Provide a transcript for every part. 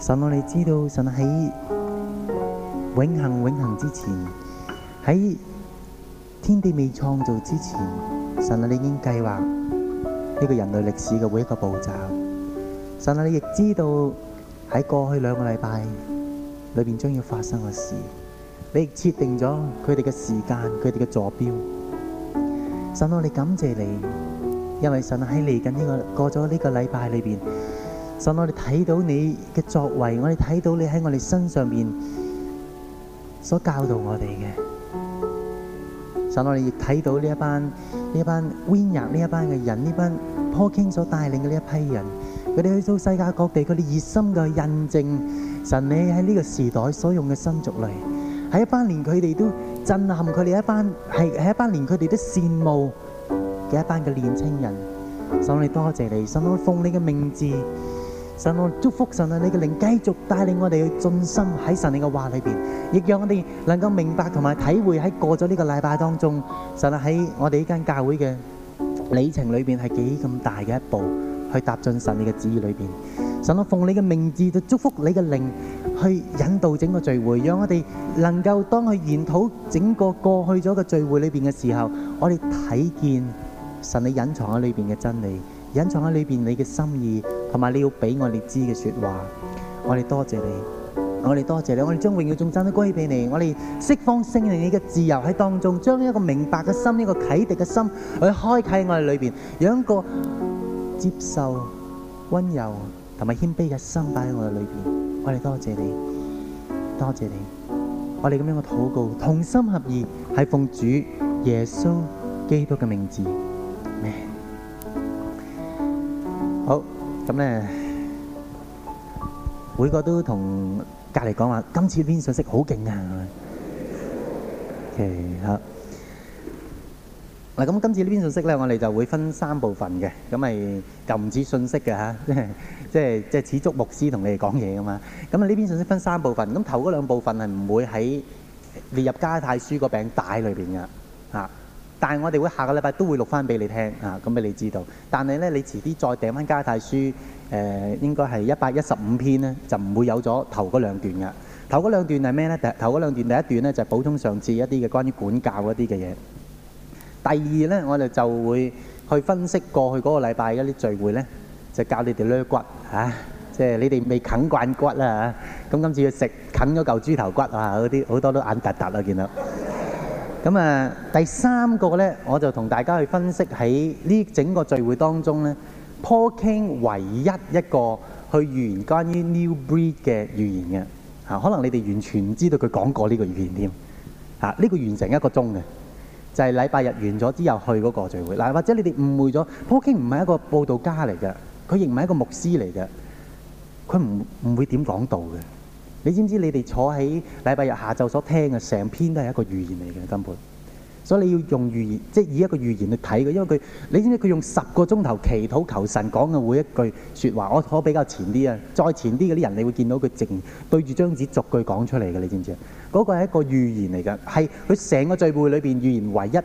神啊，你知道神喺永恒永恒之前，喺天地未創造之前，神啊，你已經計劃呢個人類歷史嘅每一個步驟。神啊，你亦知道喺過去兩個禮拜裏邊將要發生嘅事，你亦設定咗佢哋嘅時間、佢哋嘅坐標。神，我哋感謝你，因為神喺嚟緊呢個過咗呢個禮拜裏邊。神，我哋睇到你嘅作為，我哋睇到你喺我哋身上面所教導我哋嘅。神，我哋亦睇到呢一班呢一班 winner 呢一班嘅人，呢班 Paul Cain 所帶領嘅呢一批人，佢哋去到世界各地，佢哋熱心嘅印證神你喺呢個時代所用嘅新族類，係一班連佢哋都震撼，佢哋一班係係一班連佢哋都羨慕嘅一班嘅年輕人。神，我哋多謝你，神，我奉你嘅名字。神我祝福神啊！你嘅靈繼續帶領我哋去盡心喺神你嘅話裏邊，亦讓我哋能夠明白同埋體會喺過咗呢個禮拜當中，神啊喺我哋呢間教會嘅里程裏邊係幾咁大嘅一步，去踏進神你嘅旨意裏邊。神啊，奉你嘅名字就祝福你嘅靈去引導整個聚會，讓我哋能夠當去研討整個過去咗嘅聚會裏邊嘅時候，我哋睇見神你隱藏喺裏邊嘅真理，隱藏喺裏邊你嘅心意。同埋你要俾我哋知嘅說話，我哋多謝你，我哋多謝你，我哋將榮耀頌讚都歸俾你，我哋釋放聖靈你嘅自由喺當中，將一個明白嘅心，一個啟迪嘅心去開啟我哋裏邊，有一個接受溫柔同埋謙卑嘅心擺喺我哋裏邊，我哋多謝你，多謝你，我哋咁樣嘅禱告，同心合意係奉主耶穌基督嘅名字，咩？好。咁咧，每個都同隔籬講話，今次呢篇信息好勁啊！OK，好。嗱，咁今次呢篇信息咧，我哋就會分三部分嘅，咁係唔似信息嘅嚇，即係即係即係似足牧師同你哋講嘢噶嘛。咁啊，呢篇信息分三部分，咁頭嗰兩部分係唔會喺列入加泰書個餅帶裏邊噶，啊。但係我哋會下個禮拜都會錄翻俾你聽啊，咁俾你知道。但係咧，你遲啲再訂翻家譜書，誒應該係一百一十五篇咧，就唔會有咗頭嗰兩段嘅。頭嗰兩段係咩咧？第頭嗰兩段第一段咧就補充上次一啲嘅關於管教嗰啲嘅嘢。第二咧，我哋就會去分析過去嗰個禮拜一啲聚會咧，就教你哋攣骨嚇，即係你哋未啃慣骨啦嚇。咁今次要食啃咗嚿豬頭骨啊，嗰啲好多都眼突突啦，見到。咁啊，第三個呢，我就同大家去分析喺呢整個聚會當中呢 Paul Cain 唯一一個去預言關於 New Breed 嘅預言嘅嚇、啊，可能你哋完全唔知道佢講過呢個預言添嚇，呢、啊這個完成一個鐘嘅，就係、是、禮拜日完咗之後去嗰個聚會，嗱、啊、或者你哋誤會咗 Paul Cain 唔係一個佈道家嚟嘅，佢亦唔係一個牧師嚟嘅，佢唔唔會點講道嘅。你知唔知你哋坐喺禮拜日下晝所聽嘅成篇都係一個預言嚟嘅根本，所以你要用預言，即係以一個預言去睇嘅。因為佢你知唔知佢用十個鐘頭祈禱求，求神講嘅每一句説話，我可比較前啲啊，再前啲嗰啲人，你會見到佢靜對住張紙逐句講出嚟嘅，你知唔知啊？嗰、那個係一個預言嚟嘅，係佢成個聚會裏邊預言唯一。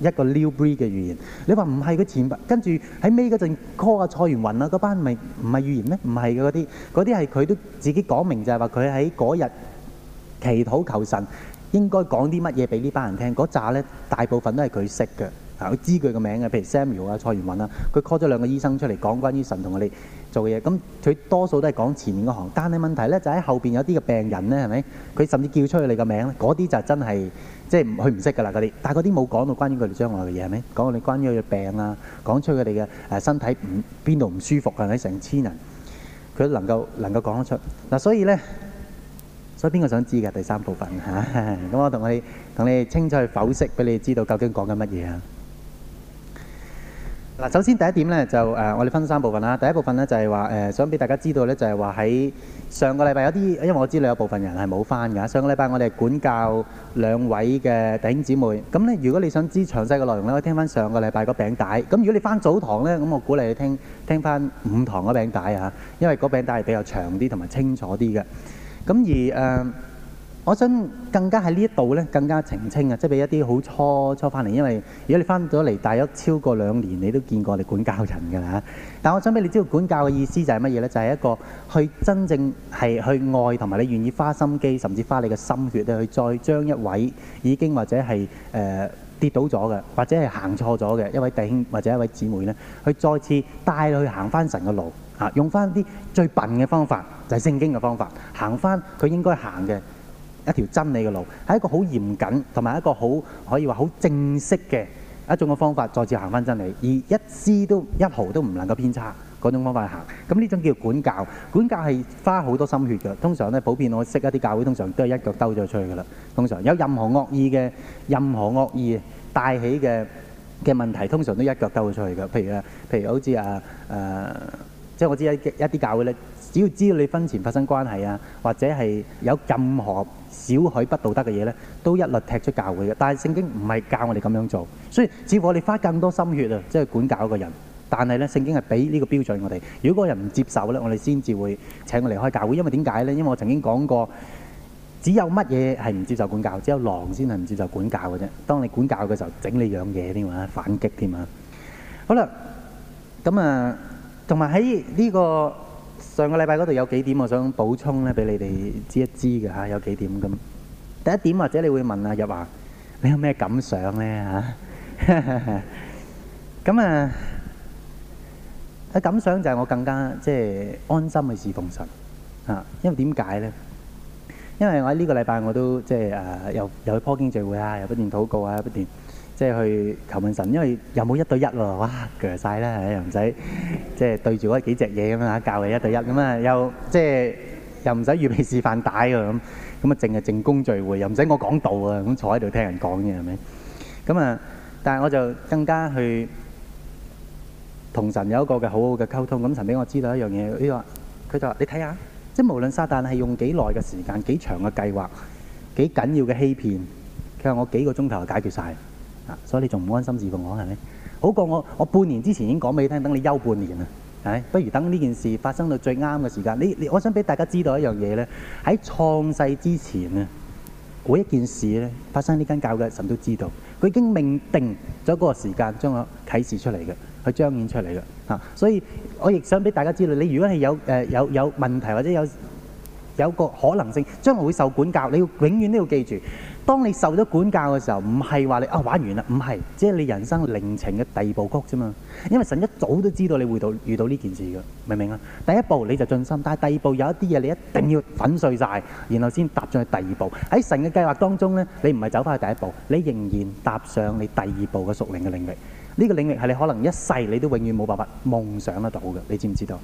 一個 NewBreed 嘅語言，你話唔係佢前，跟住喺尾嗰陣 call 阿蔡元雲啊，嗰班咪唔係語言咩？唔係嘅嗰啲，嗰啲係佢都自己講明就係話佢喺嗰日祈禱求神應該講啲乜嘢俾呢班人聽。嗰紮咧大部分都係佢識嘅，啊、嗯，佢知佢個名嘅，譬如 Samuel 啊、蔡元雲啊，佢 call 咗兩個醫生出嚟講關於神同我哋做嘅嘢。咁佢多數都係講前面嗰行，但係問題咧就喺、是、後邊有啲嘅病人咧，係咪？佢甚至叫出去你個名，嗰啲就是真係。即係佢唔識㗎啦，嗰啲，但係嗰啲冇講到關於佢哋將來嘅嘢係咪？講到你關於佢嘅病啊，講出佢哋嘅誒身體唔邊度唔舒服係、啊、咪？成千人佢都能夠能夠講得出嗱、啊，所以咧，所以邊個想知㗎？第三部分嚇，咁、啊、我同你同你哋清楚去剖析，俾你知道究竟講緊乜嘢啊？嗱，首先第一點咧就、呃、我哋分三部分啦。第一部分咧就係、是、話、呃、想俾大家知道咧，就係話喺上個禮拜有啲，因為我知道有部分人係冇翻㗎。上個禮拜我哋管教兩位嘅弟兄姊妹。咁咧，如果你想知詳細嘅內容咧，可以聽翻上，上個禮拜個餅帶。咁如果你翻早堂咧，咁我鼓勵你聽返翻五堂嗰餅帶啊，因為嗰餅帶係比較長啲同埋清楚啲嘅。咁而、呃我想更加喺呢一度呢，更加澄清啊，即係俾一啲好初初翻嚟。因為如果你翻咗嚟大約超過兩年，你都見過我哋管教人㗎啦。但我想俾你知道，管教嘅意思就係乜嘢咧？就係、是、一個去真正係去愛同埋你願意花心機，甚至花你嘅心血去再將一位已經或者係跌倒咗嘅，或者係、呃、行錯咗嘅一位弟兄或者一位姊妹呢，去再次帶你去行翻神嘅路啊，用翻啲最笨嘅方法，就係、是、聖經嘅方法，行翻佢應該行嘅。一條真理嘅路，係一個好嚴謹同埋一個好可以話好正式嘅一種嘅方法，再次行翻真理，而一絲都一毫都唔能夠偏差嗰種方法去行。咁呢種叫管教，管教係花好多心血㗎。通常咧，普遍我識一啲教會，通常都係一腳兜咗出去㗎啦。通常有任何惡意嘅、任何惡意帶起嘅嘅問題，通常都一腳兜咗出去㗎。譬如啊，譬如好似啊，誒、啊，即係我知一一啲教會咧，只要知道你婚前發生關係啊，或者係有任何少許不道德嘅嘢呢，都一律踢出教會嘅。但係聖經唔係教我哋咁樣做，所以只可我哋花更多心血啊，即係管教一個人。但係呢，聖經係俾呢個標準我哋。如果嗰個人唔接受呢，我哋先至會請佢離開教會。因為點解呢？因為我曾經講過，只有乜嘢係唔接受管教，只有狼先係唔接受管教嘅啫。當你管教嘅時候，整你樣嘢添啊，反擊添啊。好啦，咁啊，同埋喺呢個。上個禮拜嗰度有幾點我想補充咧，俾你哋知一知嘅嚇，有幾點咁。第一點或者你會問啊，日華，你有咩感想咧嚇？咁啊，啊感想就係我更加即係安心去侍奉神啊，因為點解咧？因為我喺呢個禮拜我都即係誒，又又去破經聚會啊，又不斷禱告啊，不斷，即係去求問神，因為又冇一對一咯，哇，鋸曬啦，又唔使即係對住嗰幾隻嘢咁樣啊，教佢一對一咁啊，又即係又唔使預備示範帶啊咁，咁啊，淨係靜功聚會又唔使我講道啊，咁坐喺度聽人講嘢係咪？咁啊，但係我就更加去同神有一個嘅好好嘅溝通。咁神俾我知道一樣嘢，呢個佢就話：你睇下，即係無論撒旦係用幾耐嘅時間、幾長嘅計劃、幾緊要嘅欺騙，佢話我幾個鐘頭就解決曬。啊！所以你仲唔安心自控我係咪？好過我，我半年之前已經講俾你聽，等你休半年啊！係咪？不如等呢件事發生到最啱嘅時間。你你，我想俾大家知道一樣嘢咧，喺創世之前啊，嗰一件事咧發生喺呢間教嘅，神都知道，佢已經命定咗嗰個時間，將我啟示出嚟嘅，去彰顯出嚟嘅。啊！所以，我亦想俾大家知道，你如果係有誒、呃、有有問題或者有有個可能性，將來會受管教，你要永遠都要記住。當你受咗管教嘅時候，唔係話你啊玩完啦，唔係，即係你人生靈程嘅第二步曲啫嘛。因為神一早都知道你會到遇到呢件事嘅，明唔明啊？第一步你就盡心，但係第二步有一啲嘢你一定要粉碎晒，然後先踏上去第二步。喺神嘅計劃當中呢，你唔係走翻去第一步，你仍然踏上你第二步嘅屬靈嘅領域。呢個領域係你可能一世你都永遠冇辦法夢想得到嘅，你知唔知道？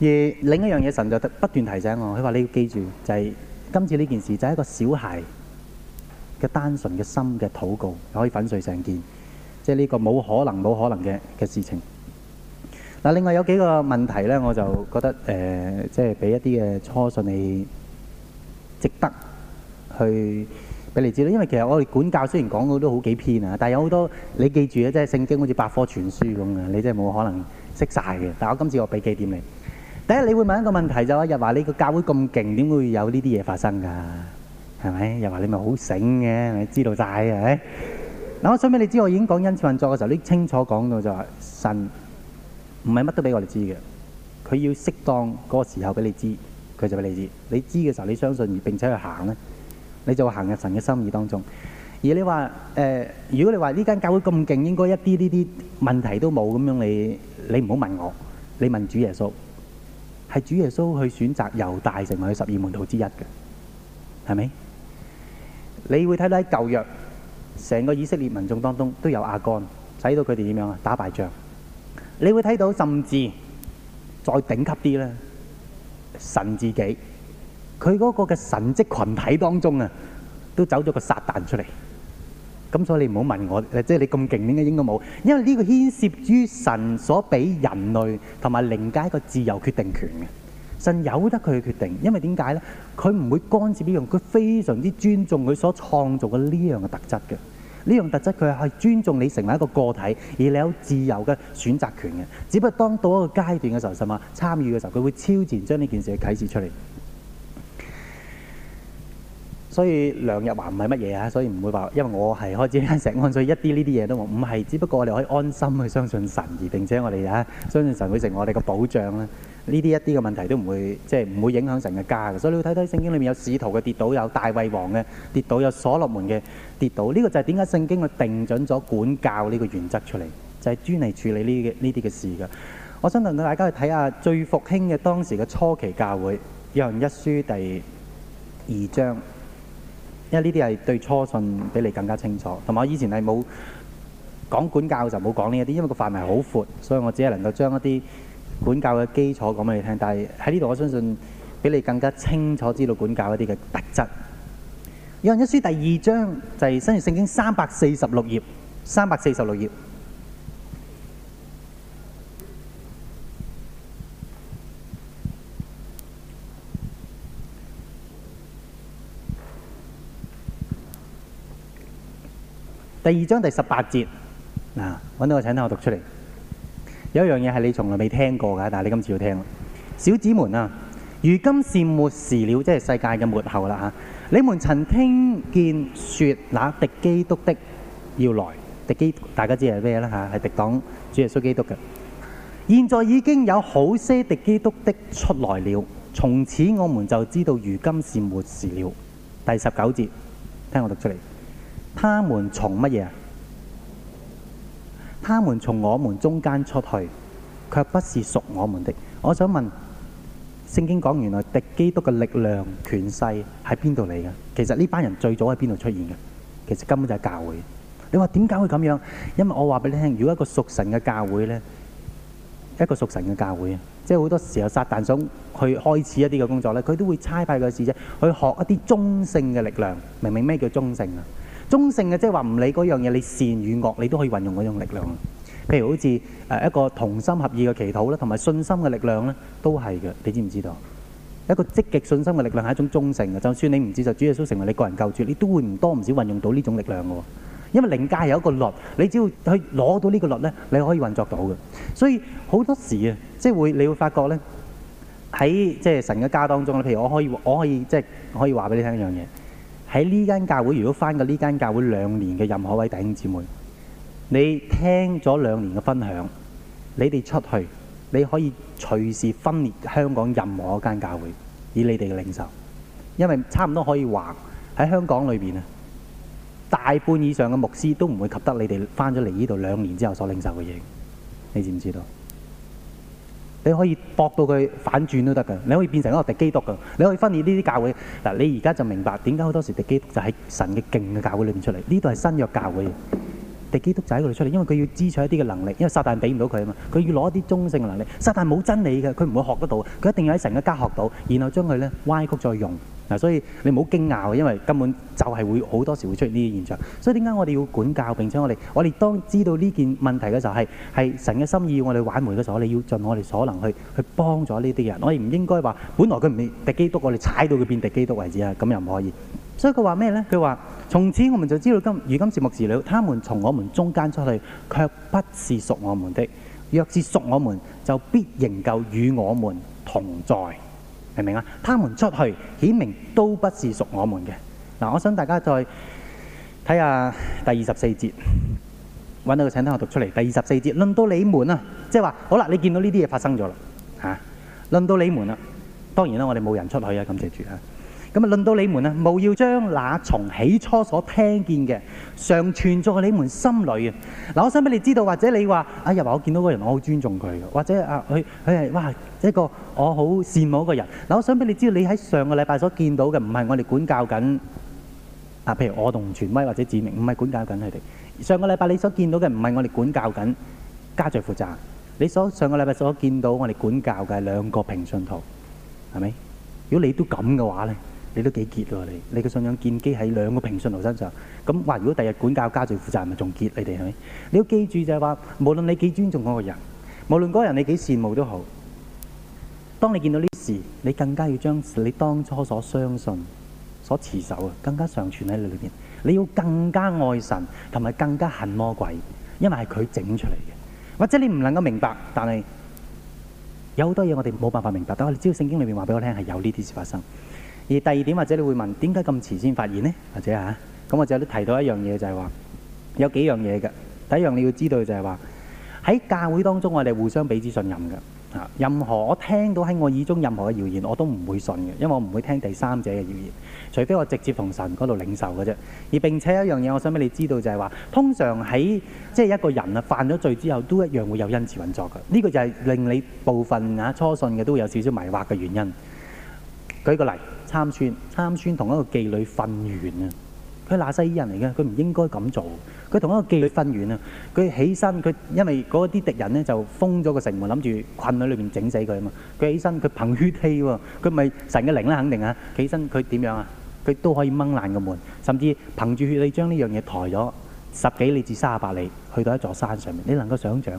而另一樣嘢，神就不斷提醒我，佢話你要記住就係。今次呢件事就係一個小孩嘅單純嘅心嘅禱告，可以粉碎成件，即係呢個冇可能冇可能嘅嘅事情。嗱，另外有幾個問題咧，我就覺得誒、呃，即係俾一啲嘅初信，你值得去俾你知啦。因為其實我哋管教雖然講到都好幾篇啊，但係有好多你記住啊，即係聖經好似百科全書咁嘅，你真係冇可能識晒嘅。但係我今次我俾幾點你。第一，你會問一個問題，就話，又話你個教會咁勁，點會有呢啲嘢發生噶？係咪又話你咪好醒嘅？係咪知道晒啊？嗱，我想俾你知，我已經講恩賜運作嘅時候，你清楚講到就話、是、神唔係乜都俾我哋知嘅，佢要適當嗰個時候俾你知，佢就俾你知。你知嘅時候，你相信而並且去行咧，你就會行入神嘅心意當中。而你話誒、呃，如果你話呢間教會咁勁，應該一啲呢啲問題都冇，咁樣你，你你唔好問我，你問主耶穌。係主耶穌去選擇猶大成為十二門徒之一嘅，係咪？你會睇到喺舊約，成個以色列民眾當中都有亞干，使到佢哋點樣啊？打敗仗。你會睇到甚至再頂級啲咧，神自己，佢嗰個嘅神職群體當中啊，都走咗個撒旦出嚟。咁所以你唔好問我，即係你咁勁，點解應該應該冇，因為呢個牽涉於神所俾人類同埋靈界一個自由決定權嘅。神由得佢去決定，因為點解呢？佢唔會干涉呢樣，佢非常之尊重佢所創造嘅呢樣嘅特質嘅。呢樣特質佢係尊重你成為一個個體，而你有自由嘅選擇權嘅。只不過當到一個階段嘅時候，神話參與嘅時候，佢會超前將呢件事嘅啟示出嚟。所以梁日華唔係乜嘢啊，所以唔會話，因為我係開始咧，成所以一啲呢啲嘢都冇，唔係只不過我哋可以安心去相信神而，而並且我哋啊相信神會成為我哋嘅保障啦。呢啲一啲嘅問題都唔會即係唔會影響神嘅家嘅。所以你去睇睇聖經裏面有使徒嘅跌倒，有大衛王嘅跌倒，有所羅門嘅跌倒。呢、這個就係點解聖經去定準咗管教呢個原則出嚟，就係、是、專嚟處理呢呢啲嘅事嘅。我相信大家去睇下最復興嘅當時嘅初期教會，約翰一書第二章。因為呢啲係對初信比你更加清楚，同埋我以前係冇講管教就冇講呢一啲，因為個範圍好闊，所以我只係能夠將一啲管教嘅基礎講俾你聽。但係喺呢度我相信比你更加清楚知道管教一啲嘅特質。有人一書第二章就係、是、新約聖經三百四十六頁，三百四十六頁。第二章第十八節，嗱、啊，揾到個，請聽我讀出嚟。有一樣嘢係你從來未聽過嘅，但係你今次要聽。小子們啊，如今是末時了，即係世界嘅末後啦吓、啊。你們曾聽見說那、啊、敵基督的要來，敵基督大家知係咩啦嚇？係、啊、敵黨主耶穌基督嘅。現在已經有好些敵基督的出來了，從此我們就知道如今是末時了。第十九節，聽我讀出嚟。他們從乜嘢啊？他們從我們中間出去，卻不是屬我們的。我想問聖經講原來敵基督嘅力量權勢喺邊度嚟嘅？其實呢班人最早喺邊度出現嘅？其實根本就係教會。你話點解會咁樣？因為我話俾你聽，如果一個屬神嘅教會呢，一個屬神嘅教會，即係好多時候撒旦想去開始一啲嘅工作呢，佢都會差派佢事啫。去學一啲中性嘅力量，明唔明咩叫中性啊？中性嘅，即係話唔理嗰樣嘢，你善與惡，你都可以運用嗰種力量。譬如好似誒一個同心合意嘅祈禱啦，同埋信心嘅力量咧，都係嘅。你知唔知道？一個積極信心嘅力量係一種中性嘅。就算你唔接受主耶穌成為你個人救主，你都會唔多唔少運用到呢種力量嘅。因為靈界有一個律，你只要去攞到呢個律咧，你可以運作到嘅。所以好多時啊，即係會你會發覺咧，喺即係神嘅家當中咧，譬如我可以我可以即係可以話俾你聽一樣嘢。喺呢間教會，如果翻過呢間教會兩年嘅任何位弟兄姊妹，你聽咗兩年嘅分享，你哋出去，你可以隨時分裂香港任何一間教會，以你哋嘅領受，因為差唔多可以話喺香港裏面，啊，大半以上嘅牧師都唔會及得你哋翻咗嚟呢度兩年之後所領受嘅嘢，你知唔知道？你可以搏到佢反轉都得嘅，你可以變成一個敵基督嘅，你可以分裂呢啲教會。嗱，你而家就明白點解好多時敵基督就喺神嘅勁嘅教會裏面出嚟，呢度係新約教會，敵基督就喺嗰度出嚟，因為佢要支取一啲嘅能力，因為撒旦俾唔到佢啊嘛，佢要攞一啲中性嘅能力。撒旦冇真理嘅，佢唔會學得到，佢一定要喺神嘅家學到，然後將佢咧歪曲再用。所以你唔好驚訝，因為根本就係會好多時候會出現呢啲現象。所以點解我哋要管教？並且我哋，我們當知道呢件問題嘅時候，係神嘅心意，我哋挽回嘅時候，你要盡我哋所能去去幫助呢啲人。我哋唔應該話，本來佢唔係敵基督，我哋踩到佢變敵基督為止啊！咁又唔可以。所以佢話咩呢？佢話：從此我們就知道今如今是末時了，他們從我們中間出去，卻不是屬我們的。若是屬我們，就必仍舊與我們同在。明唔明啊？他們出去顯明都不是屬我們嘅。嗱、啊，我想大家再睇下第二十四節，揾到個，請等我讀出嚟。第二十四節，輪到你們啊！即係話，好啦，你見到呢啲嘢發生咗啦嚇。輪、啊、到你們啦，當然啦，我哋冇人出去啊，咁嘅意思啊。咁啊，論到你們啊，務要將那從起初所聽見嘅，常存在你們心裏啊！嗱，我想俾你知道，或者你話啊、哎，又話我見到個人，我好尊重佢嘅，或者啊，佢佢係哇一、這個我好羨慕一個人。嗱，我想俾你知道，你喺上個禮拜所見到嘅，唔係我哋管教緊啊，譬如我同傳威或者指明，唔係管教緊佢哋。上個禮拜你所見到嘅，唔係我哋管教緊家長負責。你所上個禮拜所見到我哋管教嘅兩個平信徒，係咪？如果你都咁嘅話咧？你都幾結喎？你你嘅信仰建基喺兩個平信徒身上，咁話如果第日管教家屬負責人咪仲結，你哋係咪？你要記住就係話，無論你幾尊重嗰個人，無論嗰個人你幾羨慕都好，當你見到呢啲事，你更加要將你當初所相信、所持守啊，更加上傳喺你裏邊。你要更加愛神，同埋更加恨魔鬼，因為係佢整出嚟嘅。或者你唔能夠明白，但係有好多嘢我哋冇辦法明白，但係只要聖經裏面話俾我聽，係有呢啲事發生。而第二點或者你會問，點解咁遲先發現呢？或者嚇咁，啊、我就有啲提到一樣嘢，就係話有幾樣嘢嘅。第一樣你要知道就係話喺教會當中，我哋互相彼此信任嘅。任何我聽到喺我耳中任何嘅謠言，我都唔會信嘅，因為我唔會聽第三者嘅謠言，除非我直接同神嗰度領受嘅啫。而並且一樣嘢，我想俾你知道就係話，通常喺即係一個人啊犯咗罪之後，都一樣會有恩慈運作嘅。呢、呢個就係令你部分啊初信嘅都會有少少迷惑嘅原因。舉個例，參孫，參孫同一個妓女瞓完啊，佢拿細耳人嚟嘅，佢唔應該咁做。佢同一個妓女瞓完啊，佢起身，佢因為嗰啲敵人咧就封咗個城門，諗住困喺裏邊整死佢啊嘛。佢起身，佢憑血氣喎，佢咪神嘅靈咧肯定啊。起身佢點樣啊？佢都可以掹爛個門，甚至憑住血力將呢樣嘢抬咗十幾里至三十八里，去到一座山上面。你能夠想象？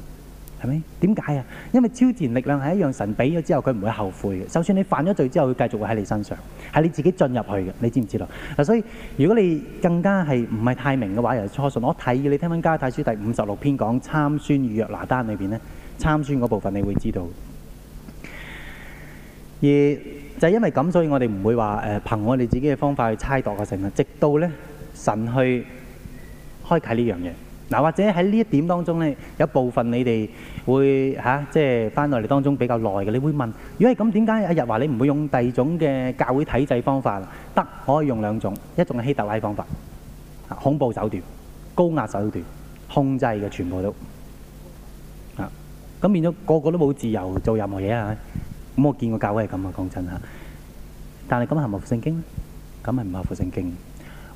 係咪？點解啊？因為超自然力量係一樣，神俾咗之後，佢唔會後悔嘅。就算你犯咗罪之後，佢繼續會喺你身上，係你自己進入去嘅。你知唔知道？嗱，所以如果你更加係唔係太明嘅話，又係初信，我睇你聽翻加太書第五十六篇講參孫與約拿單裏邊咧，參孫嗰部分你會知道。而就係因為咁，所以我哋唔會話誒、呃、憑我哋自己嘅方法去猜度個神啊，直到咧神去開啟呢樣嘢。嗱，或者喺呢一點當中咧，有部分你哋會嚇，即係翻落嚟當中比較耐嘅，你會問：如果係咁，點解阿日話你唔會用第二種嘅教會體制方法？得，可以用兩種，一種係希特拉方法，嚇恐怖手段、高壓手段、控制嘅全部都啊，咁變咗個個都冇自由做任何嘢啊！咁我見過教會係咁啊，講真嚇。但係咁合唔合乎聖經咧？咁係唔合乎聖經。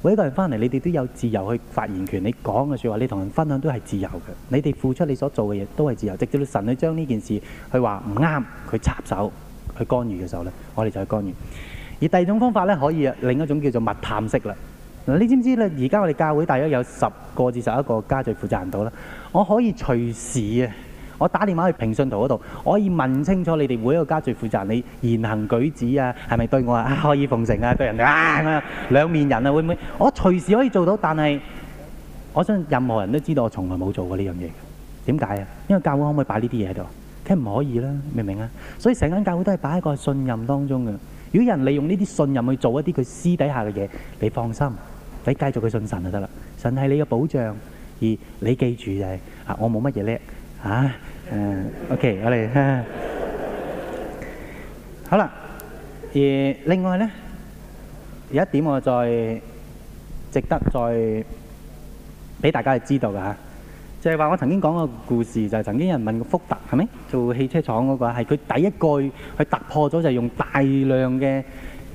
每一個人返嚟，你哋都有自由去發言權，你講嘅說話，你同人分享都係自由嘅。你哋付出你所做嘅嘢都係自由。直至到神去將呢件事去話唔啱，去插手去干預嘅時候呢，我哋就去干預。而第二種方法呢，可以另一種叫做密探式喇。你知唔知呢？而家我哋教會大約有十個至十一個家聚負責人到啦。我可以隨時啊～我打電話去評信圖嗰度，我可以問清楚你哋每一個家最負責你言行舉止啊，係咪對我啊？可以奉承啊，對人啊兩面人啊，會唔會？我隨時可以做到，但係我相信任何人都知道我從來冇做過呢樣嘢。點解啊？因為教會可唔可以擺呢啲嘢喺度？梗係唔可以啦，明唔明啊？所以成間教會都係擺喺個信任當中嘅。如果有人利用呢啲信任去做一啲佢私底下嘅嘢，你放心，你繼續去信神就得啦。神係你嘅保障，而你記住就係啊，我冇乜嘢叻啊！誒，OK，我哋吓，好啦。而另外咧，有一點我再值得再俾大家去知道嘅吓，就係話我曾經講過故事，就係曾經有人問過福特係咪做汽車廠嗰個，係佢第一句去突破咗就係用大量嘅，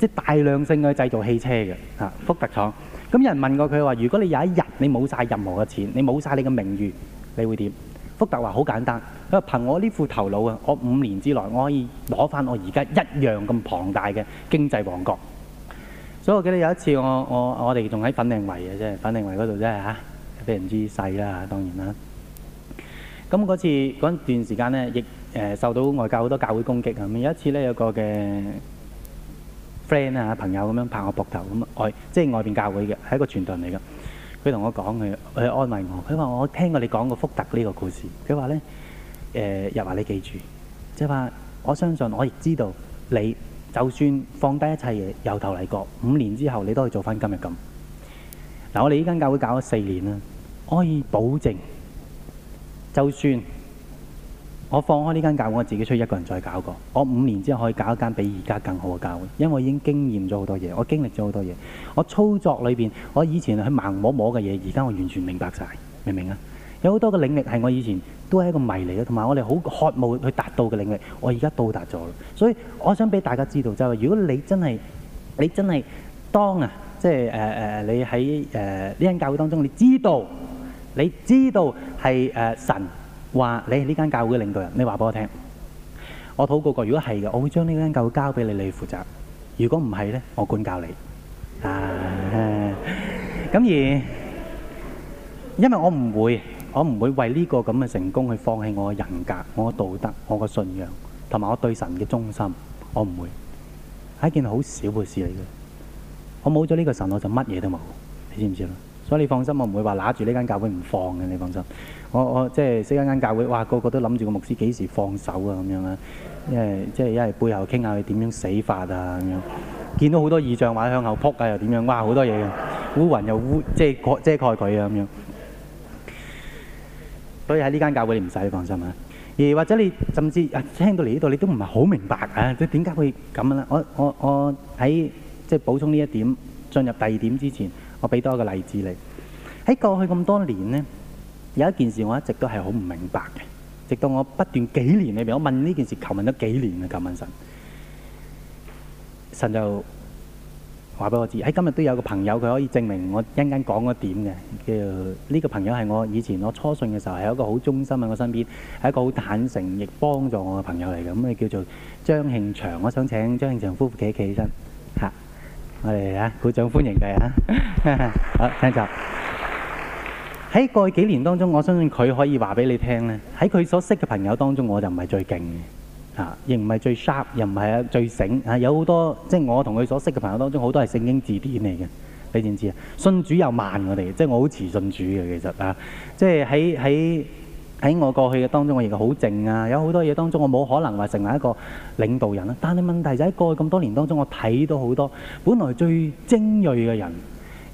即係大量性去製造汽車嘅吓，福特廠。咁有人問過佢話，如果你有一日你冇晒任何嘅錢，你冇晒你嘅名譽，你會點？福特話好簡單，因憑我呢副頭腦啊，我五年之內我可以攞翻我而家一樣咁龐大嘅經濟王國。所以我記得有一次我，我我我哋仲喺粉嶺圍嘅啫，粉嶺圍嗰度啫係非常之細啦，當然啦。咁嗰次嗰段時間呢，亦誒受到外界好多教會攻擊啊。有一次呢，有個嘅 friend 啊朋友咁、啊、樣拍我膊頭咁啊，外即係外邊教會嘅，係一個傳道嚟㗎。佢同我講佢去安慰我。佢話：我聽過你講過福特呢個故事。佢話咧，誒、呃，又話你記住，即係話我相信我亦知道你，就算放低一切嘢，由頭嚟過，五年之後你都可以做翻今日咁。嗱、啊，我哋呢間教會搞咗四年啦，可以保證，就算，我放開呢間教會，我自己出去一個人再搞過。我五年之後可以搞一間比而家更好嘅教會，因為我已經經驗咗好多嘢，我經歷咗好多嘢，我操作裏邊，我以前去盲摸摸嘅嘢，而家我完全明白晒，明唔明啊？有好多嘅領域係我以前都係一個迷嚟嘅，同埋我哋好渴慕去達到嘅領域，我而家到達咗。所以我想俾大家知道，就係如果你真係你真係當啊，即係誒誒，你喺誒呢間教會當中，你知道，你知道係誒、呃、神。話你係呢間教會嘅領導人，你話俾我聽，我禱告過個，如果係嘅，我會將呢間教會交俾你，你負責；如果唔係呢，我管教你。啊，咁而，因為我唔會，我唔會為呢個咁嘅成功去放棄我嘅人格、我嘅道德、我嘅信仰同埋我對神嘅忠心，我唔會。係一件好小嘅事嚟嘅，我冇咗呢個神，我就乜嘢都冇，你知唔知啦？所以你放心，我唔會話拿住呢間教會唔放嘅。你放心，我我即係識緊間教會，哇！個個都諗住個牧師幾時放手啊？咁樣啦，因為即係因為背後傾下佢點樣死法啊咁樣，見到好多異象或者向後撲啊又點樣？哇！好多嘢嘅，烏雲又烏即係遮遮，遮蓋佢啊咁樣。所以喺呢間教會你唔使放心啊。而或者你甚至啊聽到嚟呢度你都唔係好明白啊，即係點解會咁咧、啊？我我我喺即係補充呢一點，進入第二點之前。我俾多一個例子你，喺過去咁多年呢，有一件事我一直都係好唔明白嘅，直到我不斷幾年裏邊，我問呢件事求問咗幾年啊，求問神，神就話俾我知，喺、哎、今日都有個朋友佢可以證明我一陣間講嗰點嘅。叫呢個朋友係我以前我初信嘅時候係一個好忠心喺我身邊，係一個好坦誠亦幫助我嘅朋友嚟嘅，咁你叫做張慶祥，我想請張慶祥夫婦企企起身，啊。我哋啊，鼓掌歡迎佢啊！好，請坐。喺過去幾年當中，我相信佢可以話俾你聽咧。喺佢所識嘅朋友當中，我就唔係最勁嘅啊，亦唔係最 sharp，又唔係最醒啊。有好多即係我同佢所識嘅朋友當中，好多係聖經字典嚟嘅。你點知啊？信主又慢我哋，即係我好遲信主嘅。其實啊，即係喺喺。喺我過去嘅當中，我亦好靜啊！有好多嘢當中，我冇可能話成為一個領導人啊。但係問題就喺過去咁多年當中，我睇到好多本來最精鋭嘅人、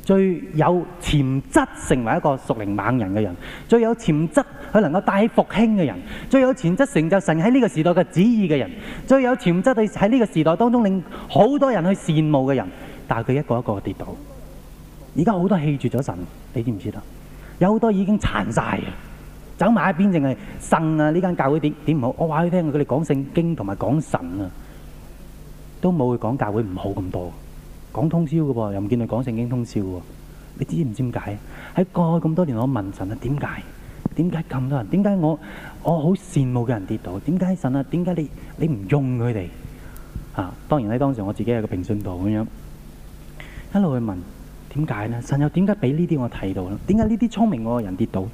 最有潛質成為一個熟靈猛人嘅人、最有潛質佢能夠帶起復興嘅人、最有潛質成就神喺呢個時代嘅旨意嘅人、最有潛質去喺呢個時代當中令好多人去羨慕嘅人，但係佢一個一個跌倒。而家好多棄絕咗神，你知唔知道？有好多已經殘晒。走埋一邊，淨係神啊？呢間教會點點唔好？我話佢聽，佢哋講聖經同埋講神啊，都冇去講教會唔好咁多。講通宵嘅喎，又唔見佢講聖經通宵喎。你知唔知點解？喺過去咁多年，我問神啊，點解？點解咁多人？點解我我好羨慕嘅人跌倒？點解神啊？點解你你唔用佢哋？啊，當然咧，當時我自己係個平信徒咁樣，一路去問。點解咧？神又點解俾呢啲我睇到咧？點解呢啲聰明我嘅人跌倒？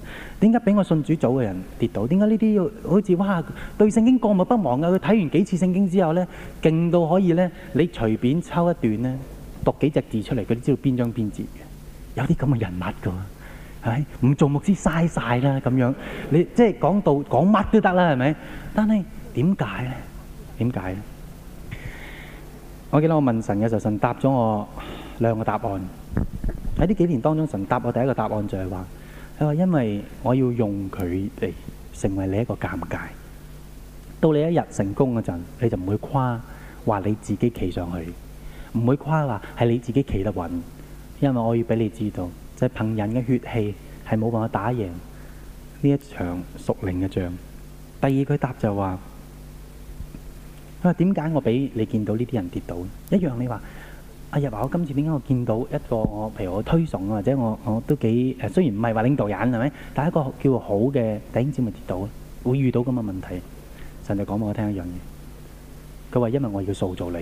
點解俾我信主早嘅人跌倒？點解呢啲好似哇對聖經過目不忘啊？佢睇完幾次聖經之後呢，勁到可以呢，你隨便抽一段呢，讀幾隻字出嚟，佢都知道邊章邊節嘅。有啲咁嘅人物噶，係唔做牧師嘥晒啦？咁樣你即係講道講乜都得啦，係咪？但係點解呢？點解呢？我記得我問神嘅時候，神答咗我兩個答案。喺呢幾年當中，神答我第一個答案就係話：，佢話因為我要用佢嚟成為你一個尷尬，到你一日成功嗰陣，你就唔會誇話你自己企上去，唔會誇話係你自己企得穩，因為我要俾你知道，就係憑人嘅血氣係冇辦法打贏呢一場屬靈嘅仗。第二句答案就話：，佢話點解我俾你見到呢啲人跌倒？一樣你話。阿、啊、日華：我今次點解我見到一個我，譬如我推崇，或者我我都幾誒，雖然唔係話領導人係咪？但係一個叫好嘅頂子咪跌到，會遇到咁嘅問題。神就講俾我聽一樣嘢，佢話：因為我要塑造你，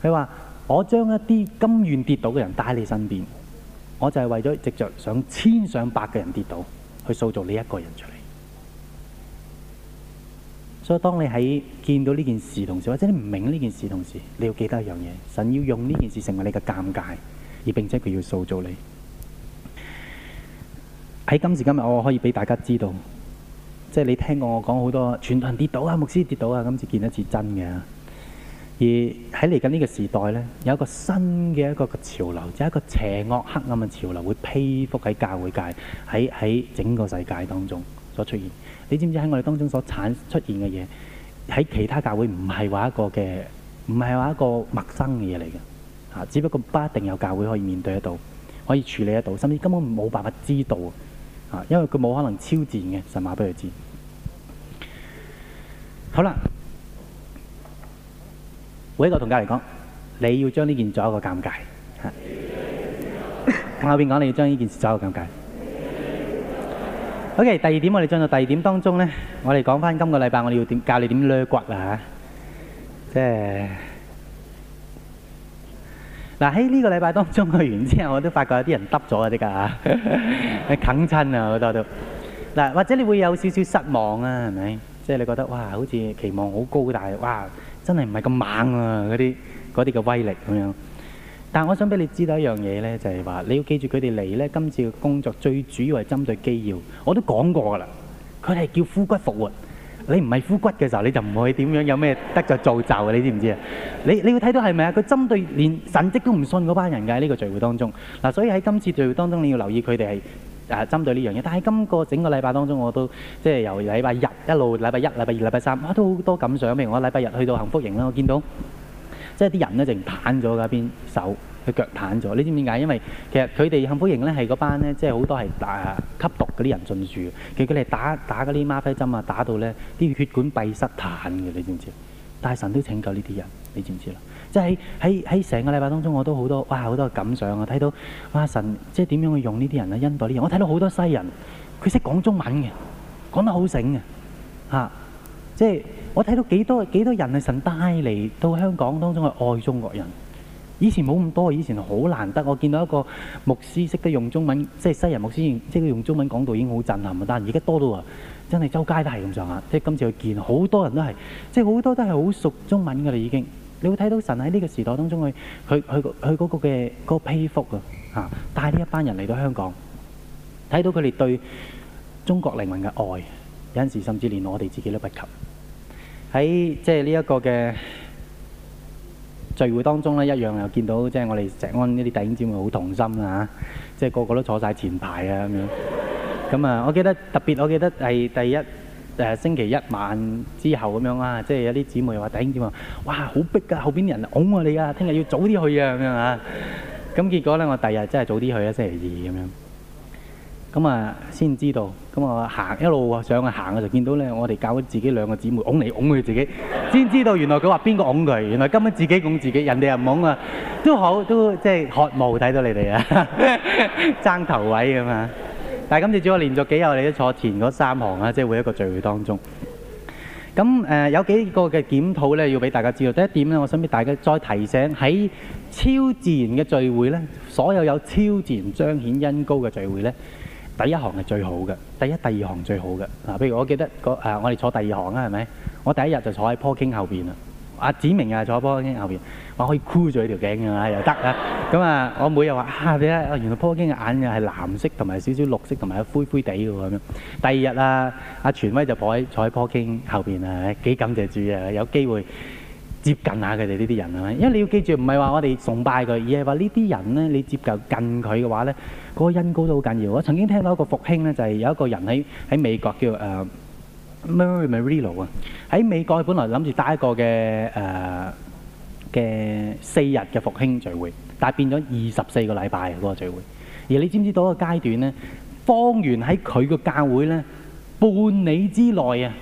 佢話我將一啲甘願跌倒嘅人帶喺你身邊，我就係為咗藉着上千上百嘅人跌倒，去塑造你一個人出嚟。所以，當你喺見到呢件事同時，或者你唔明呢件事同時，你要記得一樣嘢：神要用呢件事成為你嘅尷尬，而並且佢要塑造你。喺今時今日，我可以俾大家知道，即係你聽過我講好多傳道人跌倒啊，牧師跌倒啊，今次見一次真嘅。而喺嚟緊呢個時代呢，有一個新嘅一個個潮流，即係一個邪惡黑暗嘅潮流，會披覆喺教會界，喺喺整個世界當中所出現。你知唔知喺我哋當中所產出現嘅嘢，喺其他教會唔係話一個嘅，唔係話一個陌生嘅嘢嚟嘅，嚇！只不過不一定有教會可以面對得到，可以處理得到，甚至根本冇辦法知道，嚇！因為佢冇可能超自然嘅，神話俾佢知。好啦，每一個同教嚟講，你要將呢件作一個尷尬，嚇！我後邊講，你要將呢件事作一個尷尬。OK，第二點，我哋進到第二點當中咧，我哋講翻今個禮拜我哋要點教你點甩骨啊嚇，即係嗱喺呢個禮拜當中去完之後，我都發覺有啲人耷咗啊啲噶嚇，你啃親啊好多都，嗱或者你會有少少失望啊係咪？即係你覺得哇，好似期望好高，但係哇真係唔係咁猛啊嗰啲嗰啲嘅威力咁樣。但係我想俾你知道一樣嘢咧，就係話你要記住佢哋嚟咧。今次嘅工作最主要係針對基要，我都講過㗎啦。佢係叫枯骨復活，你唔係枯骨嘅時候，你就唔會點樣有咩得著造就嘅。你知唔知啊？你你要睇到係咪啊？佢針對連神跡都唔信嗰班人㗎，呢個聚會當中嗱，所以喺今次聚會當中你要留意佢哋係誒針對呢樣嘢。但係今個整個禮拜當中，我都即係由禮拜日一路禮拜一、禮拜二、禮拜三，哇，都好多感想。譬如我禮拜日去到幸福營啦，我見到。即係啲人咧，淨癱咗嗰邊手，佢腳癱咗。你知唔知點解？因為其實佢哋幸福營咧係嗰班咧，即係好多係誒吸毒嗰啲人進住。其實佢哋打打嗰啲嗎啡針啊，打到咧啲血管閉塞癱嘅，你知唔知？但神都拯救呢啲人，你知唔知？即係喺喺成個禮拜當中，我都好多哇好多感想啊！睇到哇，神，即係點樣去用呢啲人咧、啊？恩待呢啲人，我睇到好多西人，佢識講中文嘅，講得好醒嘅嚇，即係。我睇到幾多幾多人係神帶嚟到香港當中去愛中國人。以前冇咁多，以前好難得。我見到一個牧師識得用中文，即係西人牧師，即係佢用中文講道已經好震撼。但係而家多到啊，真係周街都係咁上下。即係今次去見好多人都係，即係好多都係好熟中文㗎啦已經。你會睇到神喺呢個時代當中去去去去嗰個嘅嗰個庇覆啊嚇，帶呢一班人嚟到香港，睇到佢哋對中國靈魂嘅愛，有陣時甚至連我哋自己都不及。喺即係呢一個嘅聚會當中咧，一樣又見到即係我哋石安呢啲弟兄姊妹好同心啊！即係個個都坐曬前排啊咁樣。咁啊，我記得特別，我記得係第一誒星期一晚之後咁樣啦，即係有啲姊妹又話：弟兄姊妹，哇，好逼㗎，後邊啲人擁啊你㗎，聽日要早啲去啊咁樣啊！咁結果咧，我第二日真係早啲去啊，星期二咁樣。咁啊，先知道。咁啊，行一路啊，上去行，嘅就見到咧。我哋教自己兩個姊妹拱嚟拱去，自己先知道原來佢話邊個拱佢。原來根本自己拱自己，人哋又唔拱啊，都好都即係渴慕睇到你哋啊，爭 頭位啊嘛。但係今次仲有連續幾日，你都坐前嗰三行啊，即係會一個聚會當中。咁誒、呃，有幾個嘅檢討咧，要俾大家知道。第一點咧，我想俾大家再提醒喺超自然嘅聚會咧，所有有超自然彰顯恩膏嘅聚會咧。第一行係最好嘅，第一、第二行最好嘅。嗱，譬如我記得個誒，我哋坐第二行啦，係咪？我第一日就坐喺 Paul Cain 後邊啦。阿子明啊，坐喺 Paul Cain 後邊，我可以箍住佢條頸㗎嘛，又得啊。咁啊，我妹又話啊，你睇下？原來 Paul Cain 嘅眼又係藍色，同埋少少綠色，同埋灰灰地咁樣。第二日啊，阿全威就坐喺坐喺 Paul Cain 後邊啊，幾感謝主啊，有機會接近下佢哋呢啲人係咪？因為你要記住，唔係話我哋崇拜佢，而係話呢啲人咧，你接近近佢嘅話咧。嗰個恩膏都好緊要。我曾經聽到一個復興咧，就係、是、有一個人喺喺美國叫誒 Mary Marillo 啊，喺、uh, Mar 美國佢本來諗住打一個嘅誒嘅四日嘅復興聚會，但係變咗二十四個禮拜嗰個聚會。而你知唔知到一個階段咧，方圓喺佢個教會咧半里之內啊，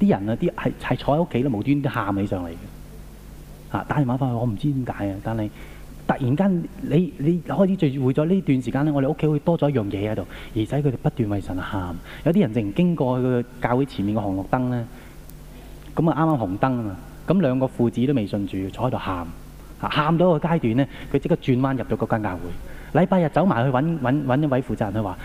啲人啊，啲係係坐喺屋企都無端啲喊起上嚟嘅。啊，打電話翻去，我唔知點解啊，但係。突然間，你你開始聚會咗呢段時間咧，我哋屋企會多咗一樣嘢喺度，而且佢哋不斷為神喊，有啲人正經過佢個教會前面個紅綠燈咧，咁啊啱啱紅燈啊嘛，咁兩個父子都未順住坐喺度喊，啊喊到一個階段咧，佢即刻轉彎入咗嗰間教會。禮拜日走埋去揾一位負責人佢話，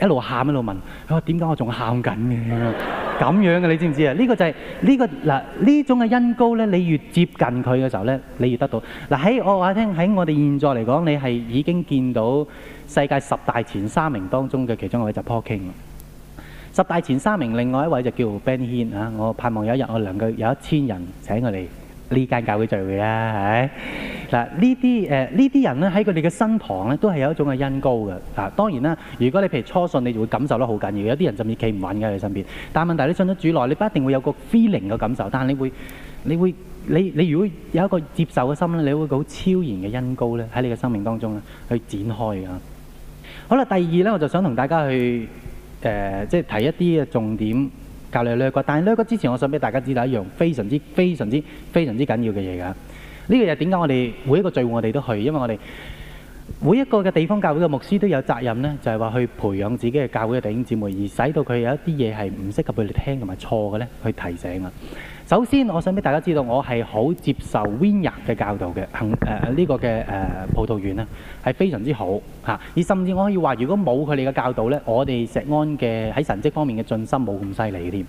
一路喊一路問，佢話點解我仲喊緊嘅？ 這樣嘅你知唔知啊？呢、這個就係、是這個、呢種嘅恩膏你越接近佢嘅時候咧，你越得到嗱，喺我話聽喺我哋現在嚟講，你係已經見到世界十大前三名當中嘅其中一位就 Paul Cain，十大前三名另外一位就叫 Ben Hinn、啊、我盼望有一日我能夠有一千人請我嚟呢間教會聚會啦、啊，係嗱、啊呃、呢啲誒呢啲人咧喺佢哋嘅身旁咧，都係有一種嘅恩膏嘅嗱、啊。當然啦，如果你譬如初信，你就會感受得好緊要，有啲人甚至企唔穩嘅喺佢身邊。但係問題係你信咗主耐，你不一定會有個 feeling 嘅感受，但係你會你會你你如果有一個接受嘅心咧，你會好超然嘅恩膏咧喺你嘅生命當中咧去展開㗎。好啦，第二咧，我就想同大家去誒、呃，即係提一啲嘅重點。教你掠哥，但係掠哥之前，我想俾大家知道一樣非常之、非常之、非常之緊要嘅嘢㗎。呢個又點解我哋每一個聚會我哋都去，因為我哋每一個嘅地方教會嘅牧師都有責任咧，就係話去培養自己嘅教會嘅弟兄姊妹，而使到佢有一啲嘢係唔適合佢哋聽同埋錯嘅咧，去提醒啊。首先，我想俾大家知道，我係好接受 Vineyard 嘅教導嘅，行誒呢個嘅誒、呃、葡萄園咧，係非常之好嚇。而、啊、甚至我可以話，如果冇佢哋嘅教導咧，我哋石安嘅喺神蹟方面嘅進深冇咁犀利添。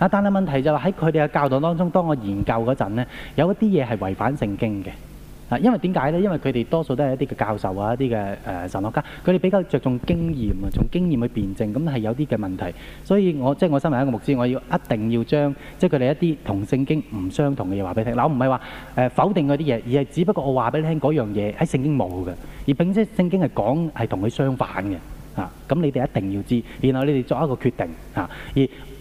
啊，但係問題就係喺佢哋嘅教導當中，當我研究嗰陣咧，有一啲嘢係違反聖經嘅。因為點解呢？因為佢哋多數都係一啲嘅教授啊，一啲嘅誒神學家，佢哋比較着重經驗啊，從經驗去辨證，咁係有啲嘅問題。所以我即係我身為一個牧師，我要一定要將即係佢哋一啲同聖經唔相同嘅嘢話俾你聽。嗱，我唔係話否定嗰啲嘢，而係只不過我話俾你聽嗰樣嘢喺聖經冇嘅，而並且聖經係講係同佢相反嘅。啊，咁你哋一定要知，然後你哋作一個決定。啊，而。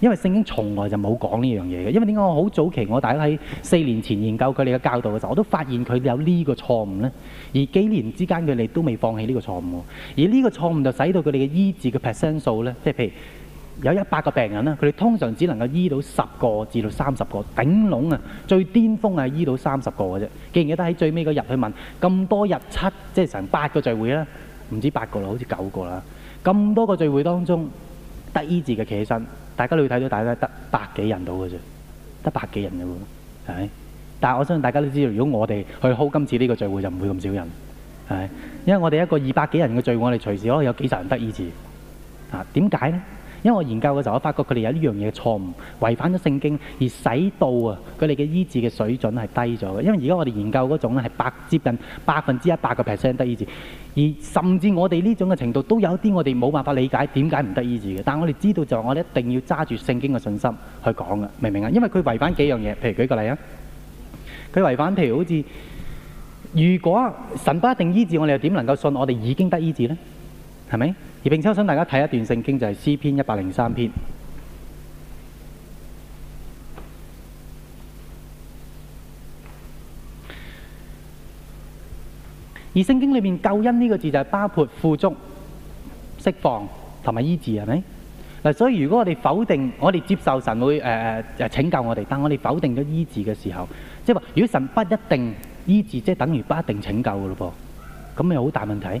因為聖經從來就冇講呢樣嘢嘅。因為點解我好早期我大概喺四年前研究佢哋嘅教導嘅時候，我都發現佢哋有這個錯誤呢個錯誤咧。而幾年之間佢哋都未放棄呢個錯誤，而呢個錯誤就使到佢哋嘅醫治嘅 percent 數呢，即係譬如有一百個病人呢，佢哋通常只能夠醫到十個至到三十個，頂籠啊，最巔峰啊醫到三十個嘅啫。記唔記得喺最尾嗰日去問咁多日七，即係成八個聚會啦，唔知八個啦，好似九個啦，咁多個聚會當中。得醫治嘅企起身，大家都要睇到，大家得百幾人到嘅啫，得百幾人嘅喎，係，但係我相信大家都知道，如果我哋去 hold 今次呢個聚會，就唔會咁少人，係，因為我哋一個二百幾人嘅聚會，我哋隨時可以有幾十人得醫治，嚇點解呢？因為我研究嘅時候，我發覺佢哋有呢樣嘢錯誤，違反咗聖經，而使到啊佢哋嘅醫治嘅水準係低咗嘅。因為而家我哋研究嗰種咧係百接近百分之一百個 percent 得醫治，而甚至我哋呢種嘅程度都有啲我哋冇辦法理解點解唔得醫治嘅。但係我哋知道就係我哋一定要揸住聖經嘅信心去講嘅，明唔明啊？因為佢違反幾樣嘢，譬如舉個例啊，佢違反譬如好似如果神不一定醫治，我哋又點能夠信我哋已經得醫治呢？係咪？而並且我想大家睇一段聖經，就係詩篇一百零三篇。而聖經裏面救恩呢個字就係包括富足、釋放同埋醫治，係咪？嗱，所以如果我哋否定我哋接受神會誒誒誒拯救我哋，但係我哋否定咗醫治嘅時候，即係話如果神不一定醫治，即係等於不一定拯救噶咯噃，咁咪好大問題。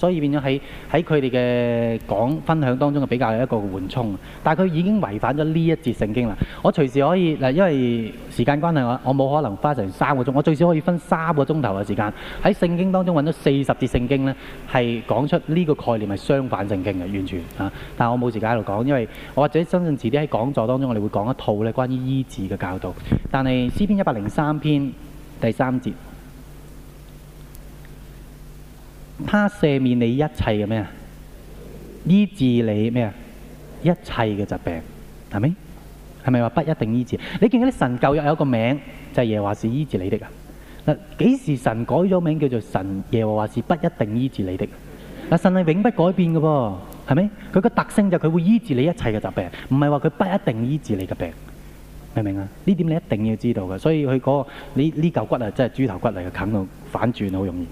所以變咗喺喺佢哋嘅講分享當中嘅比較有一個緩衝，但係佢已經違反咗呢一節聖經啦。我隨時可以嗱，因為時間關係啊，我冇可能花成三個鐘，我最少可以分三個鐘頭嘅時間喺聖經當中揾咗四十節聖經咧，係講出呢個概念係相反聖經嘅，完全啊！但係我冇時間喺度講，因為我或者相信遲啲喺講座當中我哋會講一套咧關於醫治嘅教導。但係詩篇一百零三篇第三節。他赦免你一切嘅咩啊？醫治你咩啊？一切嘅疾病係咪？係咪話不一定醫治？你見到啲神舊約有個名就係、是、耶和華是醫治你的啊？嗱，幾時神改咗名叫做神耶和華是不一定醫治你的？嗱，神係永不改變嘅噃，係咪？佢個特性就係佢會醫治你一切嘅疾病，唔係話佢不一定醫治你嘅病，明唔明啊？呢點你一定要知道嘅。所以佢嗰、那個你呢嚿骨啊，真係豬頭骨嚟嘅，啃到反轉好容易。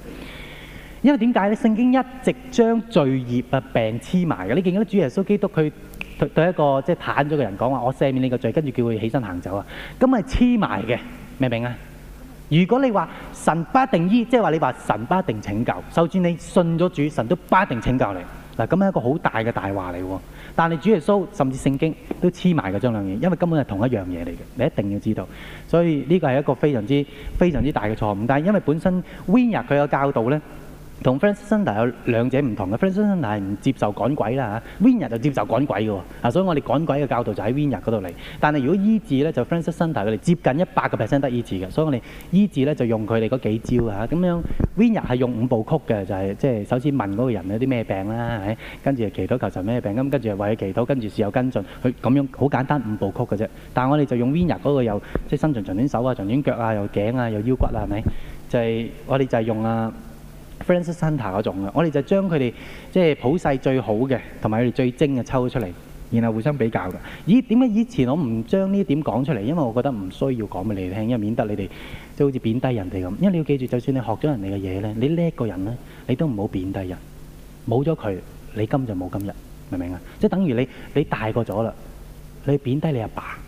因為點解咧？聖經一直將罪孽啊，病黐埋嘅。你見到啲主耶穌基督佢對一個即係癱咗嘅人講話：我赦免你個罪，跟住叫佢起身行走啊。咁係黐埋嘅，明唔明啊？如果你話神不一定醫，即係話你話神不一定拯救，就算你信咗主，神都不一定拯救你嗱。咁係一個好大嘅大話嚟。但係主耶穌甚至聖經都黐埋嘅，張兩嘢，因為根本係同一樣嘢嚟嘅。你一定要知道，所以呢個係一個非常之非常之大嘅錯誤。但係因為本身 winner 佢有教導咧。跟有兩者不同 French Centre 有兩者唔同嘅 French Centre 係唔接受趕鬼啦嚇，Vineyard 就接受趕鬼嘅喎，所以我哋趕鬼嘅教導就喺 Vineyard 嗰度嚟。但係如果醫治咧，就 French Centre 佢哋接近一百個 percent 得醫治嘅，所以我哋醫治咧就用佢哋嗰幾招嚇，咁樣 Vineyard 係用五步曲嘅，就係、是、即係首先問嗰個人有啲咩病啦，係，跟住祈禱求神咩病，咁跟住為佢祈禱，跟住事後跟進，佢咁樣好簡單五步曲嘅啫。但係我哋就用 Vineyard 嗰個又即係伸長長短手啊，長短腳啊，又頸啊，又腰骨啊，係咪？就係、是、我哋就係用啊。Friends Centre 嗰種嘅，我哋就將佢哋即係普世最好嘅，同埋佢哋最精嘅抽出嚟，然後互相比較噶。咦？點解以前我唔將呢點講出嚟？因為我覺得唔需要講俾你聽，因為免得你哋即係好似貶低人哋咁。因為你要記住，就算你學咗人哋嘅嘢咧，你叻個人咧，你都唔好貶低人。冇咗佢，你今就冇今日，明唔明啊？即係等於你你大個咗啦，你貶低你阿爸。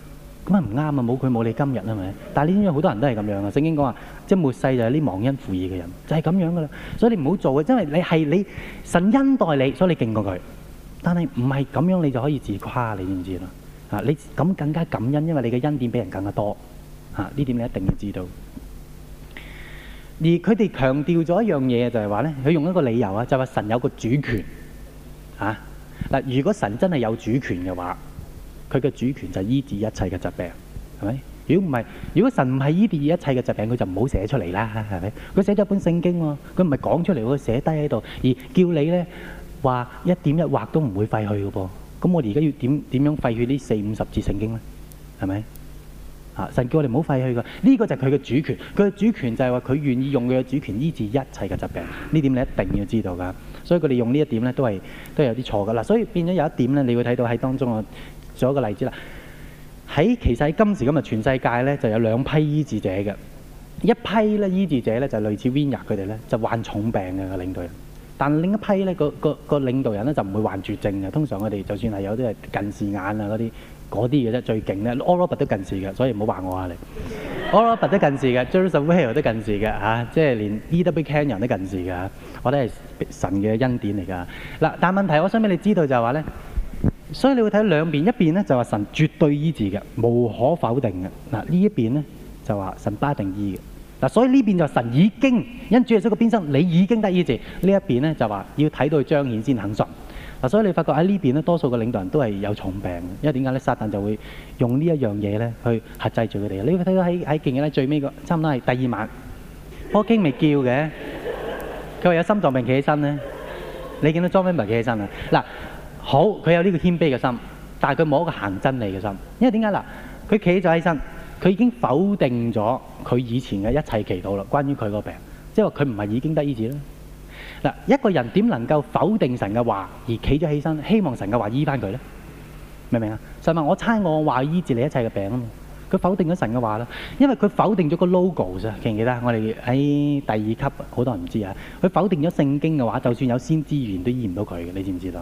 乜唔啱啊？冇佢冇你今日啦，咪？但係呢啲好多人都係咁樣啊。聖經講話，即係末世就係啲忘恩負義嘅人，就係咁樣噶啦。所以你唔好做啊，因為你係你神恩待你，所以你勁過佢。但係唔係咁樣，你就可以自誇，你知唔知啦？啊，你咁更加感恩，因為你嘅恩典比人更加多。啊，呢點你一定要知道。而佢哋強調咗一樣嘢就係話咧，佢用一個理由啊，就係話神有個主權。啊嗱，如果神真係有主權嘅話。佢嘅主權就係醫治一切嘅疾病，係咪？如果唔係，如果神唔係醫治一切嘅疾病，佢就唔好寫出嚟啦，係咪？佢寫咗一本聖經喎，佢唔係講出嚟喎，寫低喺度，而叫你呢話一點一畫都唔會廢去嘅噃。咁我哋而家要點點樣廢去呢四五十字聖經呢？係咪？神叫我哋唔好廢去嘅呢個就係佢嘅主權，佢嘅主權就係話佢願意用佢嘅主權醫治一切嘅疾病，呢點你一定要知道㗎。所以佢哋用呢一點呢，都係都係有啲錯㗎啦。所以變咗有一點呢，你會睇到喺當中啊。仲有一個例子啦，喺其實喺今時今日全世界咧，就有兩批醫治者嘅，一批咧醫治者咧就係、是、類似維納佢哋咧，就患重病嘅領導人，但另一批咧個個個領導人咧就唔會患絕症嘅。通常我哋就算係有啲係近視眼啊嗰啲，嗰啲嘅啫，最勁咧，奧羅伯都近視嘅，所以唔好話我啊你，奧羅伯都近視嘅，Joseph Wheeler 都近視嘅嚇，即、啊、係、就是、連 E.W. Canon 都近視嘅，我覺得係神嘅恩典嚟㗎。嗱、啊，但問題我想俾你知道就係話咧。所以你會睇兩邊，一邊咧就話神絕對醫治嘅，無可否定嘅。嗱，呢一邊咧就話神不一定醫嘅。嗱，所以呢邊就神已經因主耶穌嘅鞭傷，你已經得醫治。呢一邊咧就話要睇到佢彰顯先肯信。嗱，所以你發覺喺呢邊咧，多數嘅領導人都係有重病嘅。因為點解咧？撒旦就會用呢一樣嘢咧去核制住佢哋。你會睇到喺喺勁嘅咧，最尾個差唔多係第二晚，Paul Cain 未叫嘅，佢話有心臟病企起身咧。你見到 John Wimber 企起身啦。嗱。好，佢有呢個謙卑嘅心，但係佢冇一個行真理嘅心。因為點解嗱？佢企咗起身，佢已經否定咗佢以前嘅一切祈禱啦。關於佢個病，即係話佢唔係已經得醫治啦。嗱，一個人點能夠否定神嘅話而企咗起身，希望神嘅話醫翻佢呢？明唔明啊？神話我猜我話醫治你一切嘅病啊嘛。佢否定咗神嘅話啦，因為佢否定咗個 logo 啫。記唔記得？我哋喺、哎、第二級好多人唔知啊。佢否定咗聖經嘅話，就算有先知預言都醫唔到佢嘅，你知唔知道？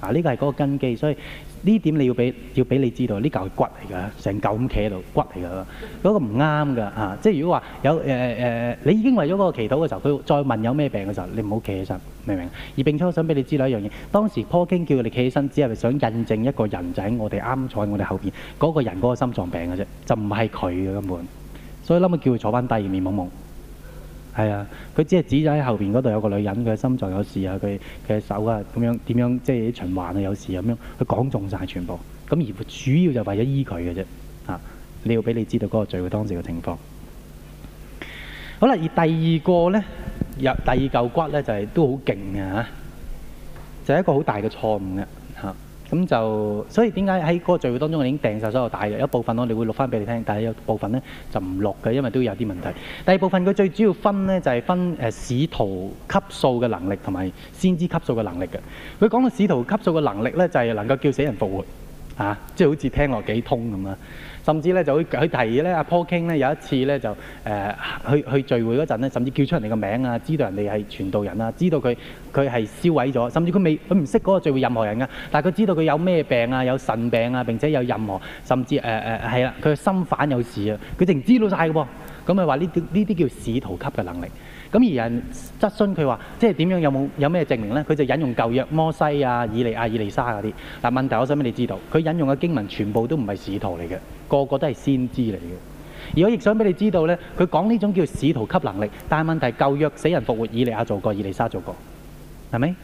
啊！呢、這個係嗰個根基，所以呢點你要俾要俾你知道，呢嚿係骨嚟㗎，成嚿咁企喺度，骨嚟㗎。嗰、這個唔啱㗎嚇，即係如果話有誒誒、呃呃，你已經為咗嗰個祈禱嘅時候，佢再問有咩病嘅時候，你唔好企起身，明唔明？而並且我想俾你知道一樣嘢，當時 Paul Cain 叫你企起身，只係想印證一個人就喺、是、我哋啱坐喺我哋後邊嗰個人嗰個心臟病嘅啫，就唔係佢嘅根本。所以諗起叫佢坐翻二面懵懵。係啊，佢只係指咗喺後邊嗰度有個女人，佢嘅心臟有事啊，佢嘅手啊咁樣點樣，即係循環啊有事咁樣，佢講中晒全部。咁而主要就為咗醫佢嘅啫。啊，你要俾你知道嗰個罪嘅當時嘅情況。好啦，而第二個咧，入第二嚿骨咧就係都好勁啊，嚇，就係一個好大嘅錯誤嘅。咁就所以點解喺嗰個聚會當中，我已經訂晒所有帶嘅，一部分我哋會錄翻俾你聽，但係有部分咧就唔錄嘅，因為都有啲問題。第二部分佢最主要分咧就係、是、分誒使徒級數嘅能力同埋先知級數嘅能力嘅。佢講到使徒級數嘅能力咧，就係、是、能夠叫死人復活，啊，即、就、係、是、好似聽落幾通咁啊！甚至咧就會佢提咧阿 Paul Cain 咧，有一次咧就誒去去聚會嗰陣咧，甚至叫出人哋個名啊，知道人哋係傳道人啊，知道佢佢係燒毀咗，甚至佢未佢唔識嗰個聚會任何人啊。但係佢知道佢有咩病啊，有腎病啊，並且有任何甚至誒誒係啦，佢、呃呃、心反有事啊，佢淨知道晒噶噃，咁啊話呢啲呢啲叫使徒級嘅能力。咁而人質詢佢話，即係點樣有冇有咩證明呢？佢就引用舊約摩西啊、以利亞、以利沙嗰啲。嗱問題，我想俾你知道，佢引用嘅經文全部都唔係使徒嚟嘅，個個都係先知嚟嘅。而我亦想俾你知道呢，佢講呢種叫使徒級能力，但係問題舊約死人復活，以利亞做過，以利沙做過，係咪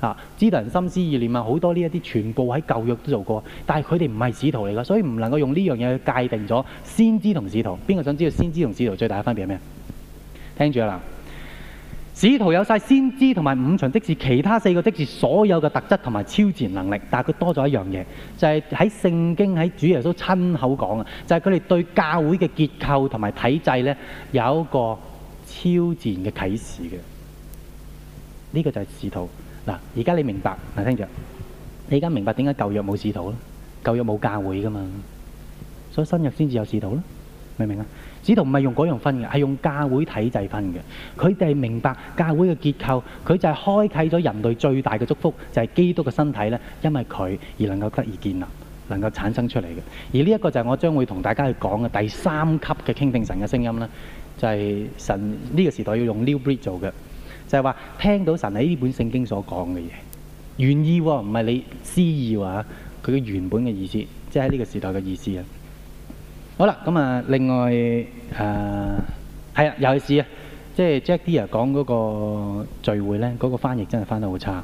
啊？知道人心思意念啊，好多呢一啲全部喺舊約都做過，但係佢哋唔係使徒嚟嘅，所以唔能夠用呢樣嘢去界定咗先知同使徒。邊個想知道先知同使徒最大嘅分別係咩？聽住啦。使徒有晒先知同埋五旬職事，其他四個職事所有嘅特質同埋超自然能力，但係佢多咗一樣嘢，就係喺聖經喺主耶穌親口講嘅，就係佢哋對教會嘅結構同埋體制呢有一個超自然嘅啟示嘅。呢、這個就係使徒嗱，而家你明白，嗱聽住，你而家明白點解舊約冇使徒咯？舊約冇教會噶嘛，所以新約先至有使徒咯，明唔明啊？指導唔係用嗰樣分嘅，係用教會體制分嘅。佢哋係明白教會嘅結構，佢就係開啟咗人類最大嘅祝福，就係基督嘅身體咧，因為佢而能夠得以建立，能夠產生出嚟嘅。而呢一個就係我將會同大家去講嘅第三級嘅傾聽神嘅聲音啦，就係神呢個時代要用 New Breed 做嘅，就係話聽到神喺呢本聖經所講嘅嘢，願意喎、哦，唔係你私意話佢嘅原本嘅意思，即係呢個時代嘅意思啊。好啦，咁啊，另外誒係啊，又、呃、是啊，即係 Jack Deere 啊，講嗰個聚會咧，嗰、那個翻譯真係翻得好差，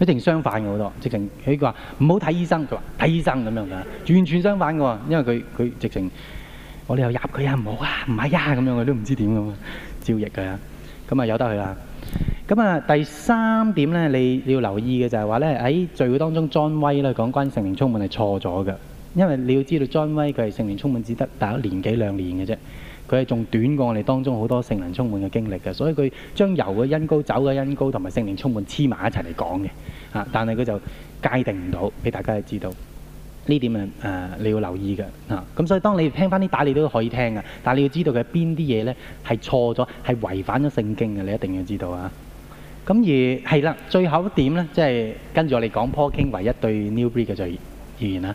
一定相反嘅好多，直情佢話唔好睇醫生，佢話睇醫生咁樣噶，完全相反嘅喎，因為佢佢直情我哋又入佢啊唔好啊，唔係啊咁、啊、樣，佢都唔知點咁啊，照譯嘅、啊，咁啊由得佢啦。咁啊第三點咧，你你要留意嘅就係話咧，喺聚會當中莊威咧，講關聖靈充滿係錯咗嘅。因為你要知道，John 威佢係聖靈充滿，只得打年幾兩年嘅啫。佢係仲短過我哋當中好多聖靈充滿嘅經歷嘅，所以佢將由嘅恩膏走嘅恩膏，同埋聖靈充滿黐埋一齊嚟講嘅嚇。但係佢就界定唔到俾大家去知道呢點啊。誒、呃，你要留意㗎嗱。咁、啊、所以當你聽翻啲打理都可以聽嘅，但係你要知道嘅邊啲嘢咧係錯咗，係違反咗聖經嘅。你一定要知道啊。咁而係啦，最後一點咧，即、就、係、是、跟住我哋講 Paul Cain 唯一對 New Breed 嘅預言啦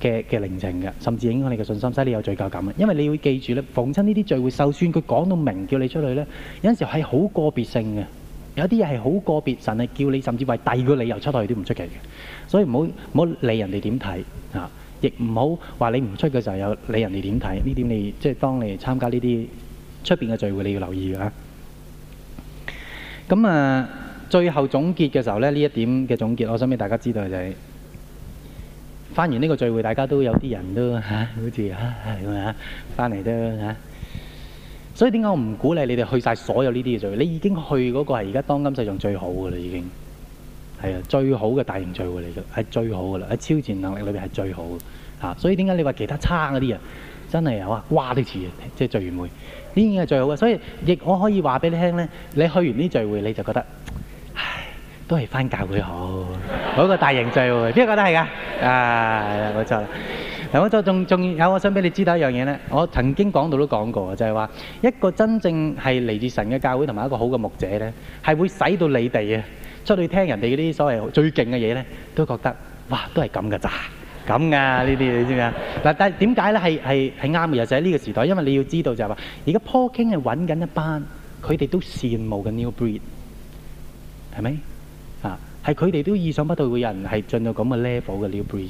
嘅嘅靈情嘅，甚至影響你嘅信心，使你有罪疚感啊！因為你要記住咧，逢親呢啲聚會就算，佢講到明叫你出去咧，有陣時係好個別性嘅，有啲嘢係好個別，神係叫你甚至為第二個理由出去都唔出奇嘅，所以唔好唔好理人哋點睇啊，亦唔好話你唔出嘅時候又理人哋點睇，呢點你即係當你參加呢啲出邊嘅聚會，你要留意㗎。咁啊，最後總結嘅時候咧，呢一點嘅總結，我想俾大家知道就係。翻完呢個聚會，大家都有啲人都嚇、啊，好似嚇係咪翻嚟都嚇、啊，所以點解我唔鼓勵你哋去晒所有呢啲嘅聚會？你已經去嗰個係而家當今世上最好嘅啦，已經係啊，最好嘅大型聚會嚟嘅，係最好嘅啦，喺超前能力裏邊係最好嘅、啊、所以點解你話其他差嗰啲人真係有啊？哇啲似，啊，即係聚完會呢已經係最好嘅。所以亦我可以話俾你聽咧，你去完呢啲聚會你就覺得。都係翻教會好，嗰個大型聚會，邊個都係㗎？啊，冇錯啦。嗱，我再仲仲有，我想俾你知道一樣嘢咧。我曾經講到都講過啊，就係話一個真正係嚟自神嘅教會同埋一個好嘅牧者咧，係會使到你哋啊，出去聽人哋嗰啲所謂最勁嘅嘢咧，都覺得哇，都係咁㗎咋？咁啊，呢啲你知唔知啊？嗱，但係點解咧？係係係啱嘅，又喺呢個時代，因為你要知道就係話，而家 Paul Cain 係揾緊一班佢哋都羨慕嘅 New Breed，係咪？係佢哋都意想不到會有人係進到咁嘅 level 嘅 new breed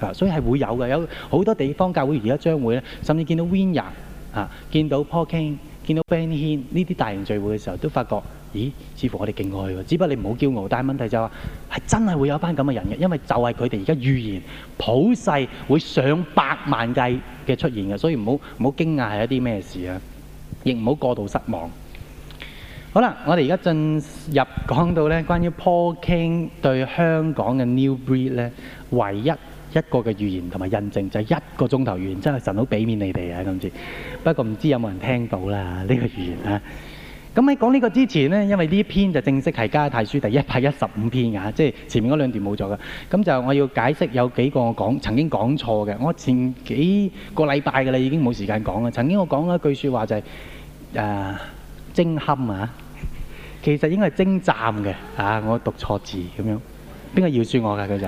嘅，啊，所以係會有嘅，有好多地方教會而家將會咧，甚至見到 Vienna 啊，見到 Paul King，見到 Benny Hinn 呢啲大型聚會嘅時候，都發覺，咦，似乎我哋勁過佢喎，只不過你唔好驕傲，但係問題就係話，係真係會有班咁嘅人嘅，因為就係佢哋而家預言普世會上百萬計嘅出現嘅，所以唔好唔好驚訝係一啲咩事啊，亦唔好過度失望。好啦，我哋而家進入講到咧，關於 Paul Cain 對香港嘅 New Breed 咧，唯一一個嘅預言同埋印證就係一個鐘頭預言，真係神好俾面你哋啊今次。不過唔知有冇人聽到啦呢個預言啊？咁喺講呢個之前咧，因為呢篇就正式係加太書第一百一十五篇㗎，即係前面嗰兩段冇咗㗎。咁就我要解釋有幾個我講曾經講錯嘅，我前幾個禮拜嘅啦，已經冇時間講啦。曾經我講一句説話就係誒。精堪啊，其實應該係精湛嘅啊！我讀錯字咁樣，邊個饒恕我㗎？佢就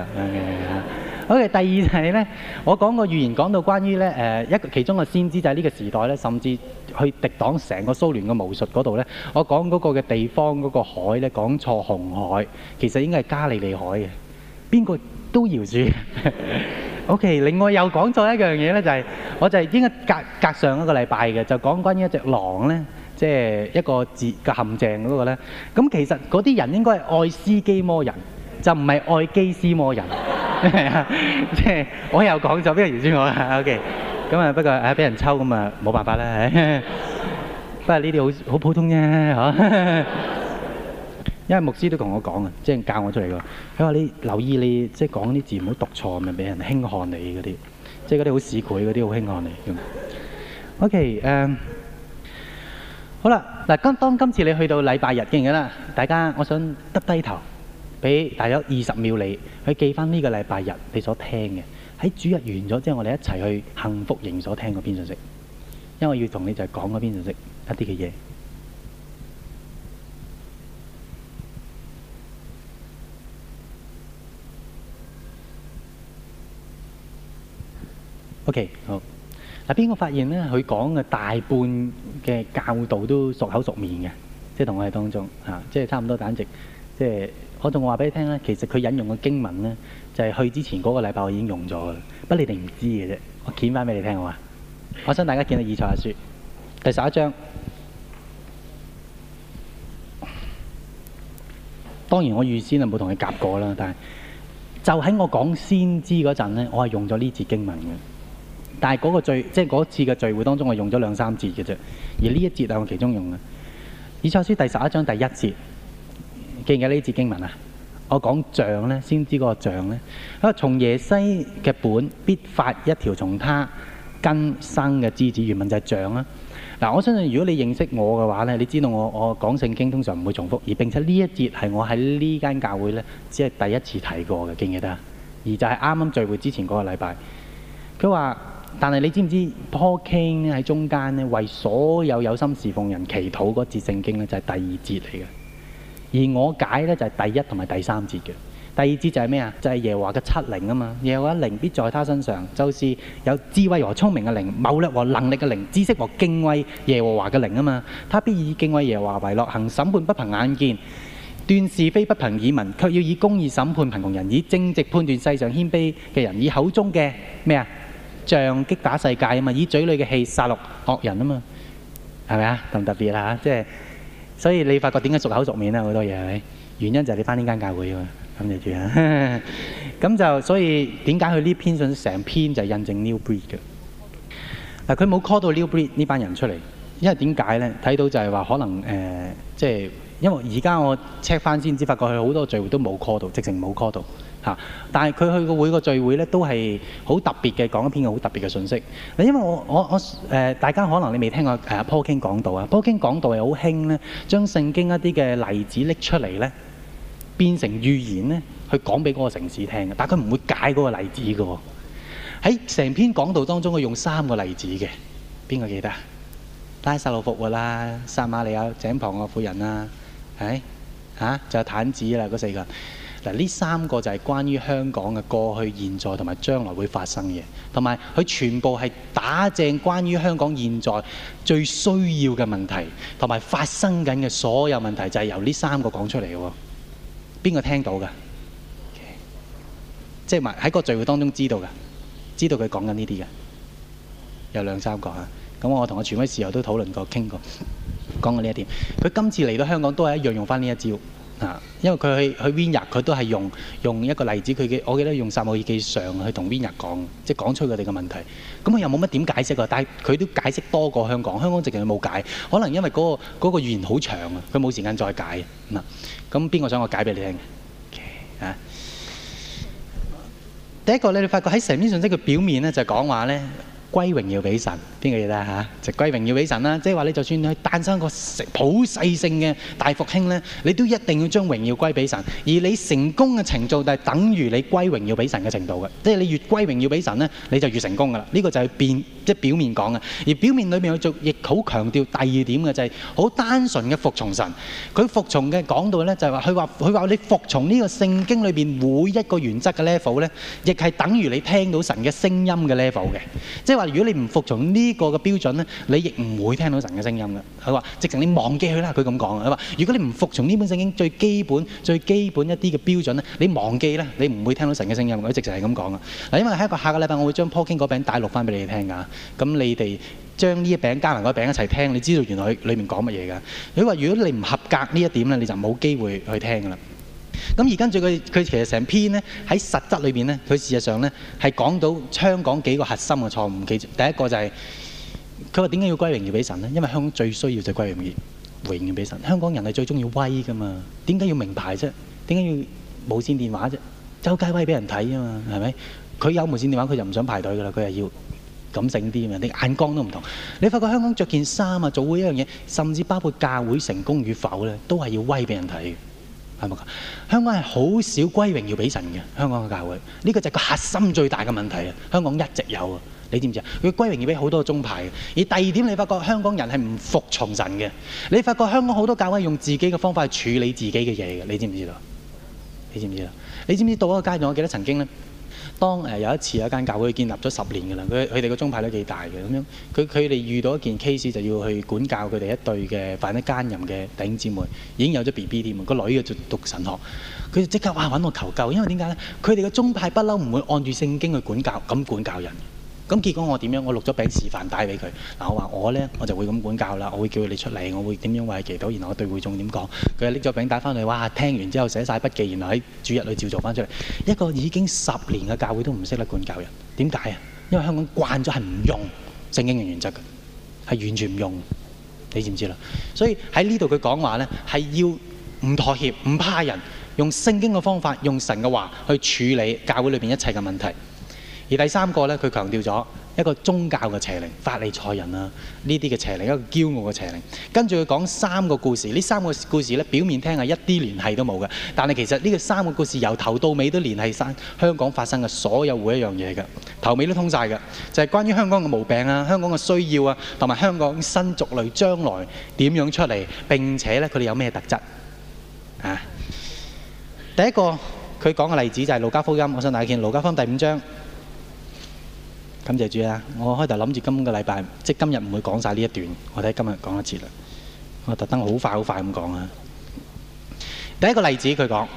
，OK。第二係咧，我講個預言講到關於咧誒一個其中個先知就係呢個時代咧，甚至去敵擋成個蘇聯嘅巫術嗰度咧。我講嗰個嘅地方嗰個海咧講錯紅海，其實應該係加利利海嘅。邊個都饒恕？OK。另外又講錯一樣嘢咧，就係我就係應該隔隔上一個禮拜嘅，就講關於一隻狼咧。即係一個字嘅陷阱嗰個咧，咁其實嗰啲人應該係愛斯基摩人，就唔係愛基斯摩人。即 係我又講咗，邊個認住我啊？O.K. 咁啊，不過誒俾、啊、人抽咁啊，冇辦法啦。 不過呢啲好好普通啫，嚇、啊。 因為牧師都同我講啊，即、就、係、是、教我出嚟個。佢話你留意你即係、就是、講啲字唔好讀錯，咪俾人輕看你嗰啲。即係嗰啲好市儈嗰啲好輕看你。O.K. 誒、uh。好啦，嗱今當今次你去到禮拜日嘅啦，大家我想耷低頭，俾大約二十秒你去記翻呢個禮拜日你所聽嘅。喺主日完咗之後，我哋一齊去幸福營所聽嗰邊信息，因為我要同你就係講嗰邊信息一啲嘅嘢。OK，好。邊個發現咧？佢講嘅大半嘅教導都熟口熟面嘅，即係同我哋當中嚇、啊，即係差唔多。簡直即係我仲話俾你聽咧，其實佢引用嘅經文咧，就係、是、去之前嗰個禮拜我已經用咗嘅，不你哋唔知嘅啫。我攣翻俾你聽，好話：我想大家見到《以賽亞書》第十一章。當然我預先冇同你夾過啦，但係就喺我講先知嗰陣咧，我係用咗呢節經文嘅。但係嗰個聚，即係嗰次嘅聚會當中，我用咗兩三節嘅啫。而呢一節係我其中用嘅《以賽書》第十一章第一節，記唔記得呢節經文啊？我講像呢，先知嗰個像咧，從耶西嘅本必發一條，從他根生嘅枝子，原文就係像啦。嗱，啊，我相信如果你認識我嘅話呢，你知道我我講聖經通常唔會重複，而並且呢一節係我喺呢間教會呢，只係第一次提過嘅，記唔記得啊？而就係啱啱聚會之前嗰個禮拜，佢話。但係你知唔知，Paul Cain 喺中間咧為所有有心侍奉人祈禱嗰節聖經就係第二節嚟嘅，而我解呢就係第一同埋第三節嘅。第二節就係咩啊？就係耶和華嘅七靈啊嘛。耶和華靈必在他身上，就是有智慧和聰明嘅靈、謀略和能力嘅靈、知識和敬畏耶和華嘅靈啊嘛。他必以敬畏耶和華為樂，行審判不憑眼見，斷是非不憑耳聞，卻要以公義審判貧窮人，以正直判斷世上謙卑嘅人，以口中嘅咩啊？像擊打世界啊嘛，以嘴裏嘅氣殺戮惡人啊嘛，係咪啊？咁特別啦，即係，所以你發覺點解熟口熟面啊，好多嘢係咪？原因就係你翻呢間教會啊嘛，感謝主。啊。咁 就所以點解佢呢篇信成篇就印證 New Breed 嘅？嗱，佢冇 call 到 New Breed 呢班人出嚟，因為點解咧？睇到就係話可能誒，即、呃、係、就是、因為而家我 check 翻先至，發覺佢好多聚會都冇 call 到，直情冇 call 到。啊、但係佢去個會個聚會咧，都係好特別嘅，講一篇好特別嘅信息。嗱，因為我我我、呃、大家可能你未聽過 Paul Cain 講道啊，Paul Cain 講道係好興咧，將聖經一啲嘅例子拎出嚟咧，變成預言咧，去講俾嗰個城市聽嘅。但係佢唔會解嗰個例子嘅喎、哦。喺成篇講道當中，佢用三個例子嘅，邊個記得啊？拉撒路復活啦，撒瑪利亞井旁個婦人啦、啊，係、哎、啊，就坦子啦，嗰四個。嗱，呢三個就係關於香港嘅過去、現在同埋將來會發生嘅，同埋佢全部係打正關於香港現在最需要嘅問題，同埋發生緊嘅所有問題，就係由呢三個講出嚟嘅。邊個聽到嘅？Okay. 即係喺個聚會當中知道嘅，知道佢講緊呢啲嘅，有兩三個啊。咁我同我全威時候都討論過、傾過，講過呢一點。佢今次嚟到香港都係一樣用翻呢一招。啊，因為佢去去 Viña，佢都係用用一個例子，佢嘅我記得用撒母耳記上去同 Viña 講，即係講出佢哋嘅問題。咁佢又冇乜點解釋㗎，但係佢都解釋多過香港。香港直情冇解，可能因為嗰個嗰個語言好長啊，佢冇時間再解。嗱，咁邊個想我解俾你聽？啊，第一個你哋發覺喺成面信息嘅表面咧，就係講話咧。歸榮耀俾神，邊個嘢咧嚇？就歸榮耀俾神啦，即係話你就算你誕生個普世性嘅大復興咧，你都一定要將榮耀歸俾神。而你成功嘅程度，就係等於你歸榮耀俾神嘅程度嘅。即係你越歸榮耀俾神咧，你就越成功噶啦。呢個就係變，即係表面講嘅。而表面裏面去做，亦好強調第二點嘅就係好單純嘅服從神。佢服從嘅講到咧，就係話佢話佢話你服從呢個聖經裏邊每一個原則嘅 level 咧，亦係等於你聽到神嘅聲音嘅 level 嘅，即係話。嗱，如果你唔服從呢個嘅標準咧，你亦唔會聽到神嘅聲音嘅。佢話：直情你忘記佢啦。佢咁講啊。佢話：如果你唔服從呢本聖經最基本最基本一啲嘅標準咧，你忘記咧，你唔會聽到神嘅聲音。佢直情係咁講啊。嗱，因為喺一個下個禮拜，我會將 Paul Cain 嗰餅帶錄翻俾你哋聽㗎。咁你哋將呢一餅加埋嗰餅一齊聽，你知道原來裏面講乜嘢㗎？佢話：如果你唔合格呢一點咧，你就冇機會去聽㗎啦。咁而家最佢佢其實成篇咧喺實質裏邊咧，佢事實上咧係講到香港幾個核心嘅錯誤。其實第一個就係佢話點解要歸榮耀俾神咧？因為香港最需要就係歸榮耀榮耀俾神。香港人係最中意威噶嘛？點解要名牌啫？點解要無線電話啫？周街威俾人睇啊嘛，係咪？佢有無線電話，佢就唔想排隊噶啦，佢係要感性啲啊嘛。啲眼光都唔同。你發覺香港着件衫啊、做每一樣嘢，甚至包括教會成功與否咧，都係要威俾人睇。香港係好少歸榮要俾神嘅，香港嘅教會呢個就係個核心最大嘅問題啊！香港一直有啊，你知唔知啊？佢歸榮要俾好多宗派嘅，而第二點你發覺香港人係唔服從神嘅，你發覺香港好多教會用自己嘅方法去處理自己嘅嘢嘅，你知唔知道？你知唔知啊？你知唔知到一個階段？我記得曾經呢？當誒、呃、有一次有一間教會建立咗十年嘅啦，佢佢哋個宗派都幾大嘅咁樣，佢佢哋遇到一件 case 就要去管教佢哋一對嘅犯咗奸淫嘅弟兄姊妹，已經有咗 B B 添喎，個女嘅就讀神學，佢就即刻話揾、啊、我求救，因為點解咧？佢哋個宗派不嬲唔會按住聖經去管教，咁管教人。咁結果我點樣？我錄咗餅示範帶俾佢。嗱，我話我呢，我就會咁管教啦。我會叫佢你出嚟，我會點樣為佢祈禱，然後我對會眾點講。佢拎咗餅帶翻去。哇！聽完之後寫晒筆記，然後喺主日裏照做翻出嚟。一個已經十年嘅教會都唔識得管教人，點解啊？因為香港慣咗係唔用聖經嘅原則㗎，係完全唔用。你知唔知啦？所以喺呢度佢講話呢係要唔妥協、唔怕人，用聖經嘅方法，用神嘅話去處理教會裏面一切嘅問題。而第三個咧，佢強調咗一個宗教嘅邪靈，法利賽人啊，呢啲嘅邪靈，一個驕傲嘅邪靈。跟住佢講三個故事，呢三個故事咧，表面聽係一啲聯繫都冇嘅，但係其實呢個三個故事由頭到尾都聯繫晒香港發生嘅所有每一樣嘢㗎，頭尾都通晒㗎，就係關於香港嘅毛病啊、香港嘅需要啊，同埋香港新族類將來點樣出嚟，並且咧佢哋有咩特質啊？第一個佢講嘅例子就係《路加福音》，我想大家見《路加福音》第五章。感謝主啊！我開頭諗住今個禮拜，即今日唔會講晒呢一段，我睇今日講一次喇。我特登好快好快咁講啊！第一個例子，佢講。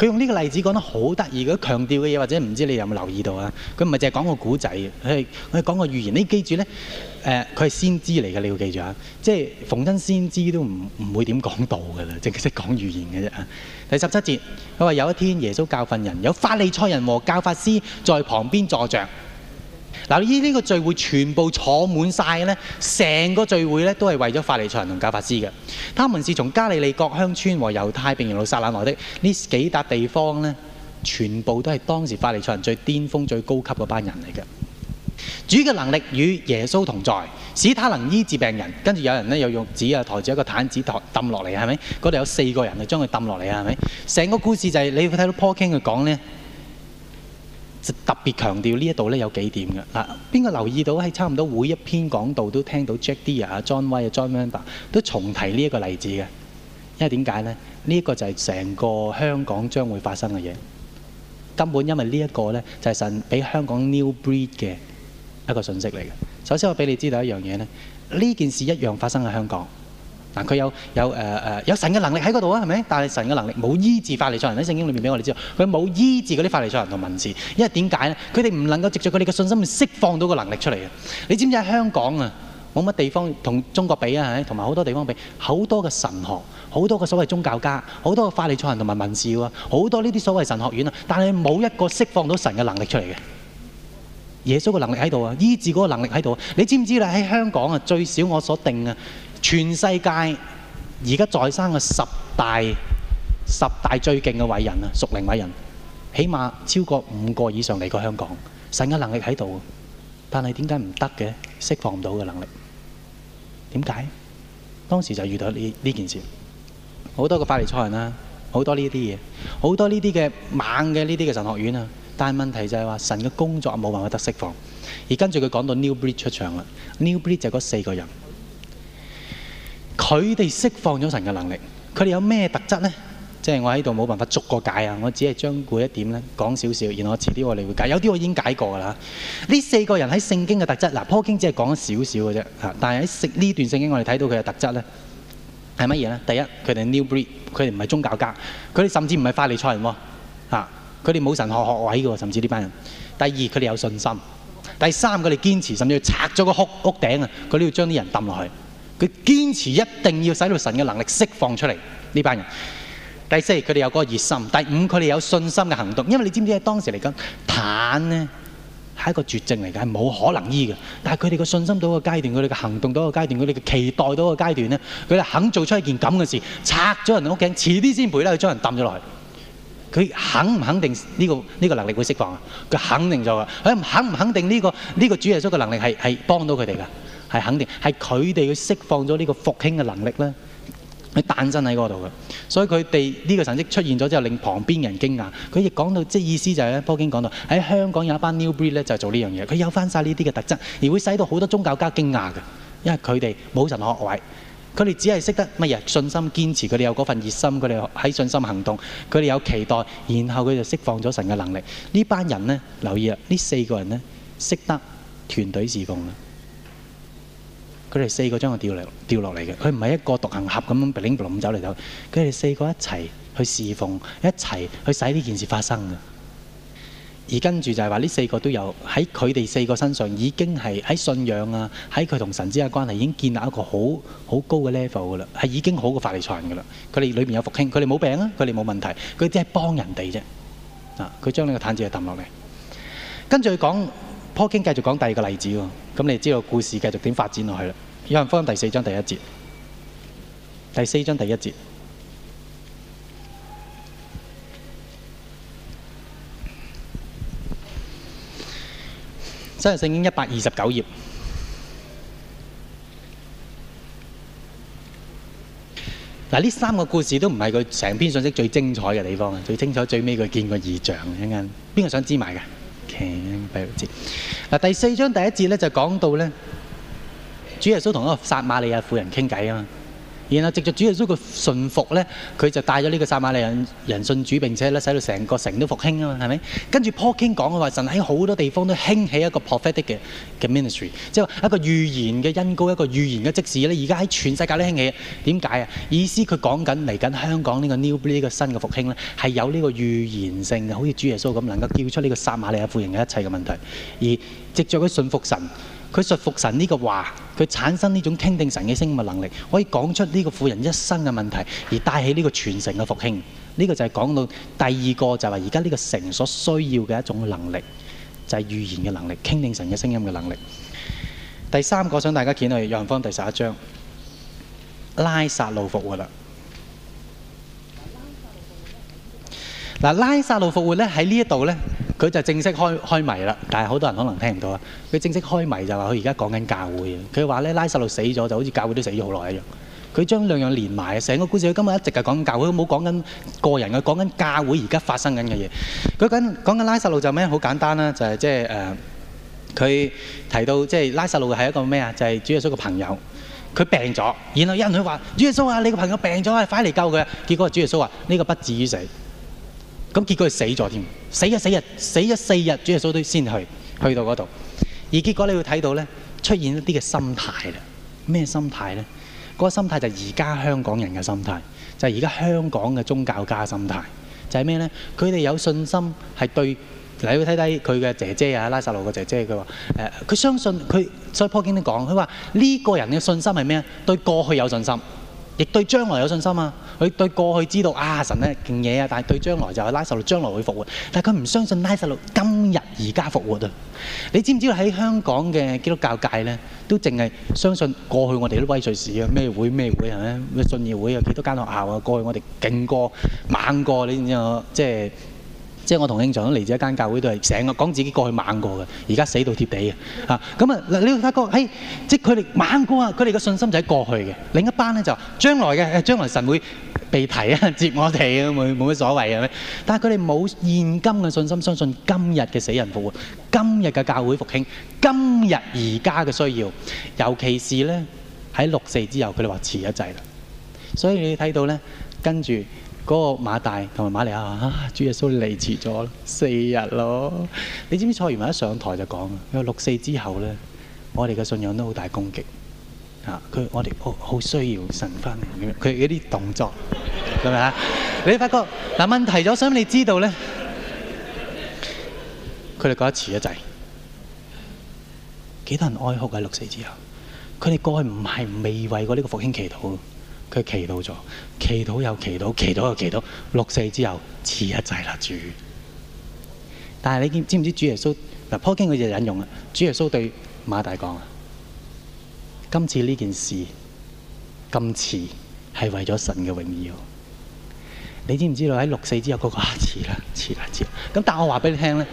佢用呢個例子講得好得意，佢強調嘅嘢或者唔知你有冇留意到啊？佢唔係淨係講個古仔，佢佢講個預言。你記住咧，誒佢係先知嚟嘅，你要記住啊！即係逢親先知都唔唔會點講道嘅啦，淨係識講預言嘅啫。第十七節，佢話有一天耶穌教訓人，有法利賽人和教法師在旁邊坐着。嗱，呢個聚會全部坐滿晒呢，成個聚會呢都係為咗法利賽人同教法師嘅。他們是從加利利各鄉村和猶太並耶路撒冷來的。呢幾笪地方呢，全部都係當時法利賽人最巔峰、最高級嗰班人嚟嘅。主嘅能力與耶穌同在，使他能醫治病人。跟住有人呢又用紙啊抬住一個癱子抬抌落嚟，係咪？嗰度有四個人嚟將佢抌落嚟啊，係咪？成個故事就係、是、你會睇到 Paul Cain 佢講呢。特別強調呢一度咧有幾點嘅嗱，邊個留意到喺差唔多每一篇講道都聽到 Jack Deere 啊、John White 啊、John Manda 都重提呢一個例子嘅，因為點解呢？呢一個就係成個香港將會發生嘅嘢，根本因為呢一個呢，就係神俾香港 New Breed 嘅一個信息嚟嘅。首先我俾你知道一樣嘢呢：呢件事一樣發生喺香港。嗱，佢有有誒誒、呃呃、有神嘅能力喺嗰度啊，係咪？但係神嘅能力冇醫治法利賽人，喺聖經裏面俾我哋知道，佢冇醫治嗰啲法利賽人同文士，因為點解咧？佢哋唔能夠藉著佢哋嘅信心釋放到個能力出嚟嘅。你知唔知喺香港啊？冇乜地方同中國比啊，同埋好多地方比，好多嘅神學，好多嘅所謂宗教家，好多嘅法利賽人同埋文士喎，好多呢啲所謂神學院啊，但係冇一個釋放到神嘅能力出嚟嘅。耶穌嘅能力喺度啊，醫治嗰個能力喺度啊，你知唔知咧？喺香港啊，最少我所定啊。全世界而家在，在生嘅十大十大最勁嘅偉人啊，屬靈偉人，起碼超過五個以上嚟過香港，神嘅能力喺度，但係點解唔得嘅？釋放唔到嘅能力，點解？當時就遇到呢呢件事，好多個法利賽人啦，好多呢啲嘢，好多呢啲嘅猛嘅呢啲嘅神學院啊，但係問題就係話神嘅工作冇辦法得釋放，而跟住佢講到 New Breed 出場啦，New Breed 就嗰四個人，佢哋釋放咗神嘅能力，佢哋有咩特質咧？即係我喺度冇辦法逐個解啊，我只係將嗰一點咧講少少，然後我遲啲我哋會解。有啲我已經解過噶啦。呢四個人喺聖經嘅特質，嗱，坡經只係講咗少少嘅啫。但係喺呢段聖經我哋睇到佢嘅特質咧，係乜嘢咧？第一，佢哋 new breed，佢哋唔係宗教家，佢哋甚至唔係法利賽人喎，佢哋冇神學學位嘅喎，甚至呢班人。第二，佢哋有信心。第三，佢哋堅持，甚至要拆咗個屋屋頂啊，佢都要將啲人抌落去。佢堅持一定要使到神嘅能力釋放出嚟呢班人。第四，佢哋有嗰個熱心。第五，佢哋有信心嘅行動。因為你知唔知喺當時嚟講，癱咧係一個絕症嚟嘅，係冇可能醫嘅。但係佢哋嘅信心到一個階段，佢哋嘅行動到一個階段，佢哋嘅期待到一個階段咧，佢哋肯做出一件咁嘅事，拆咗人屋企，遲啲先賠，佢將人抌咗落嚟。佢肯唔肯定呢、這個呢、這個能力會釋放啊？佢肯定就話。佢肯唔肯定呢、這個呢、這個主耶穌嘅能力係係幫到佢哋㗎？係肯定係佢哋去釋放咗呢個復興嘅能力咧，佢誕生喺嗰度嘅，所以佢哋呢個神跡出現咗之後，令旁邊的人驚訝。佢亦講到，即係意思就係咧，Paul Cain 講到喺香港有一班 new breed 咧、這個，就做呢樣嘢，佢有翻晒呢啲嘅特質，而會使到好多宗教家驚訝嘅，因為佢哋冇神學位，佢哋只係識得乜嘢信心堅持，佢哋有嗰份熱心，佢哋喺信心行動，佢哋有期待，然後佢就釋放咗神嘅能力。這些呢班人咧，留意啊，呢四個人咧識得團隊侍奉啦。佢哋四個將佢掉嚟掉落嚟嘅，佢唔係一個獨行俠咁樣走嚟走去，佢哋四個一齊去侍奉，一齊去使呢件事發生嘅。而跟住就係話，呢四個都有喺佢哋四個身上已經係喺信仰啊，喺佢同神之間關係已經建立一個好好高嘅 level 噶啦，係已經好過法利賽人噶啦。佢哋裏邊有復興，佢哋冇病啊，佢哋冇問題，佢哋只係幫人哋啫。啊，佢將呢個炭字啊抌落嚟，跟住佢講。Paul Cain 繼續講第二個例子喎，咁你就知道故事繼續點發展落去啦？有人翻第四章第一節，第四章第一節，新約聖經一百二十九頁。嗱，呢三個故事都唔係佢成篇信息最精彩嘅地方，最精彩最尾佢見過異象，一陣邊個想知埋嘅？ 第四章第一節，呢就講到呢，主耶穌同一個撒瑪利亞婦人傾偈啊嘛。然後藉着主耶穌嘅信服呢佢就帶咗呢個撒馬利亞人人信主，並且咧使到成個城都復興啊嘛，係咪？跟住 Paul Cain 講嘅話，神喺好多地方都興起一個 prophetic 嘅 ministry，即係一個預言嘅恩膏，一個預言嘅職事咧，而家喺全世界都興起。點解啊？意思佢講緊嚟緊香港呢個 new b 呢個新嘅復興呢係有呢個預言性嘅，好似主耶穌咁，能夠叫出呢個撒瑪利亞婦人嘅一切嘅問題，而藉着佢信服神。佢述服神呢個話，佢產生呢種傾聽神嘅聲音嘅能力，可以講出呢個婦人一生嘅問題，而帶起呢個全城嘅復興。呢、這個就係講到第二個，就係而家呢個城所需要嘅一種能力，就係、是、預言嘅能力、傾聽神嘅聲音嘅能力。第三，個我想大家見到約翰福音第十一章，拉撒路復活啦。嗱，拉撒路復活咧喺呢一度咧，佢就正式開開迷啦。但係好多人可能聽唔到啊。佢正式開迷就話：佢而家講緊教會。佢話咧，拉撒路死咗就好似教會都死咗好耐一樣。佢將兩樣連埋，成個故事。佢今日一直係講緊教會，冇講緊個人嘅，講緊教會而家發生緊嘅嘢。佢講講緊拉撒路就咩？好簡單啦，就係即係誒，佢、呃、提到即係拉撒路係一個咩啊？就係、是、主耶穌嘅朋友。佢病咗，然後有人話：主耶穌啊，你個朋友病咗啊，快嚟救佢！結果主耶穌話、啊：呢、這個不至於死。咁結果佢死咗添，死啊死日，死咗四日，主耶穌都先去，去到嗰度。而結果你要睇到咧，出現一啲嘅心態啦。咩心態咧？嗰個心態就係而家香港人嘅心態，就係而家香港嘅宗教家心態，就係咩咧？佢哋有信心係對，你會睇睇佢嘅姐姐啊，拉撒路嘅姐姐，佢話誒，佢、呃、相信佢。再破堅啲講，佢話呢個人嘅信心係咩？對過去有信心，亦對將來有信心啊！佢對過去知道啊，神咧勁嘢啊，但係對將來就係拉撒路將來會復活，但係佢唔相信拉撒路今日而家復活啊！你知唔知道喺香港嘅基督教界咧，都淨係相信過去我哋啲威水史啊、咩會咩會係咪咩信義會啊？幾多間學校啊？過去我哋勁過猛過，你知唔知啊？即係即係我同兄長都嚟咗一間教會，都係成日講自己過去猛過嘅，而家死到貼地嘅啊！咁啊，嗱你會發覺，哎，即係佢哋猛過啊！佢哋嘅信心就喺過去嘅，另一班咧就將來嘅，誒將來神會。被提啊，接我哋啊，冇冇乜所謂嘅咩？但係佢哋冇現今嘅信心，相信今日嘅死人復活，今日嘅教會復興，今日而家嘅需要，尤其是咧喺六四之後，佢哋話遲一滯啦。所以你睇到咧，跟住嗰個馬大同埋瑪利亞啊，主耶穌嚟遲咗四日咯。你知唔知蔡元文一上台就講，佢話六四之後咧，我哋嘅信仰都好大攻擊。啊！佢我哋好好需要神翻嚟佢嗰啲動作係咪 你發覺嗱問題了，我想你知道咧，佢哋覺得遲一陣，幾多人哀哭啊？六四之後，佢哋過去唔係未為過呢個復興祈禱，佢祈禱咗，祈禱又祈禱，祈禱又祈禱。六四之後，遲一陣啦，主。但係你知唔知道主耶穌嗱？Paul Cain 佢就引用啦，主耶穌對馬大講啊。今次呢件事，今次係為咗神嘅榮耀。你知唔知道喺六四之後嗰個啊？遲啦，遲啦，遲啦。但係我話俾你聽咧，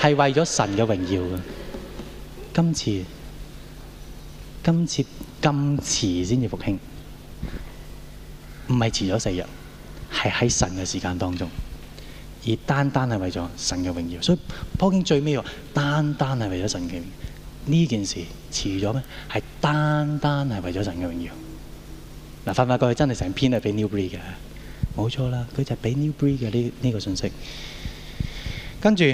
係為咗神嘅榮耀嘅。今次，今次，今次先至復興，唔係遲咗四日，係喺神嘅時間當中，而單單係為咗神嘅榮耀。所以 Paul Cain 最尾，單單係為咗神嘅榮耀呢件事。遲咗咩？係單單係為咗神嘅榮耀嗱。翻翻過去真係成篇係俾 New Breed 嘅，冇錯啦。佢就係俾 New Breed 嘅呢呢個信息。跟住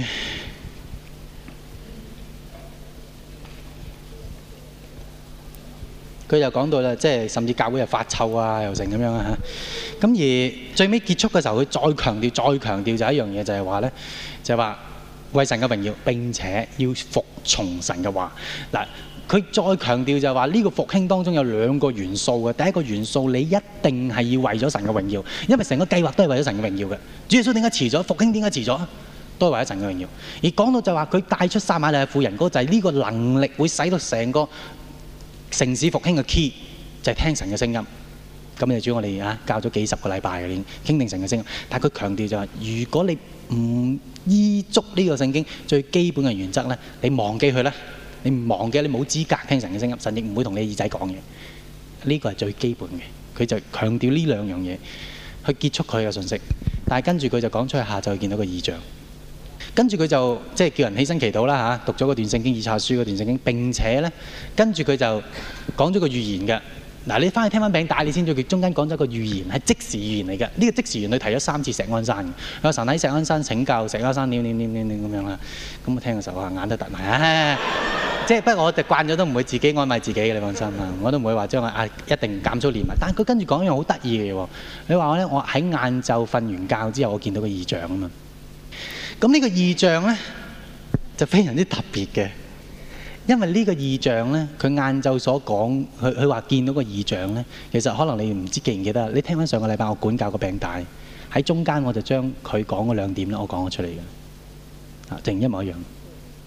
佢就講到啦，即係甚至教會又發臭啊，又成咁樣啊。咁而最尾結束嘅時候，佢再強調，再強調就一樣嘢，就係話咧，就係話為神嘅榮耀並且要服從神嘅話嗱。佢再強調就係話呢個復興當中有兩個元素嘅，第一個元素你一定係要為咗神嘅榮耀，因為成個計劃都係為咗神嘅榮耀嘅。主耶穌點解遲咗復興？點解遲咗啊？都係為咗神嘅榮耀。而講到就話佢帶出撒瑪利亞婦人嗰，就係呢個能力會使到成個城市復興嘅 key 就係聽神嘅聲音。咁就主要我哋啊，教咗幾十個禮拜嘅已經傾定神嘅聲音。但係佢強調就係如果你唔依足呢個聖經最基本嘅原則咧，你忘記佢咧。你唔忙嘅，你冇資格聽神嘅聲音，神亦唔會同你耳仔講嘢。呢個係最基本嘅，佢就強調呢兩樣嘢，去結束佢嘅信息。但係跟住佢就講出去，下晝佢見到個異象。跟住佢就即係叫人起身祈禱啦嚇，讀咗個段聖經，以冊書嗰段聖經，並且呢，跟住佢就講咗個預言嘅。嗱，你回去聽返餅帶，你先知佢中間講咗個預言係即時預言嚟嘅。呢個即時預言佢提咗三次石安山嘅。神喺石安山請教石安山，點點點點點，咁樣啦。咁我聽嘅時候眼都突埋。即係不過我習慣咗都唔會自己安慰自己嘅，你放心呀，我都唔會話將我一定減少年。物。但係佢跟住講一樣好得意嘅喎。你話我呢，我喺晏晝瞓完覺之後，我見到個異象吖嘛。咁呢個異象呢，就非常之特別嘅。因為呢個異象呢，佢晏晝所講，佢佢話見到個異象呢，其實可能你唔知記唔記得。你聽翻上個禮拜我管教個病帶喺中間，我就將佢講嗰兩點咧，我講咗出嚟嘅，啊，正一模一樣。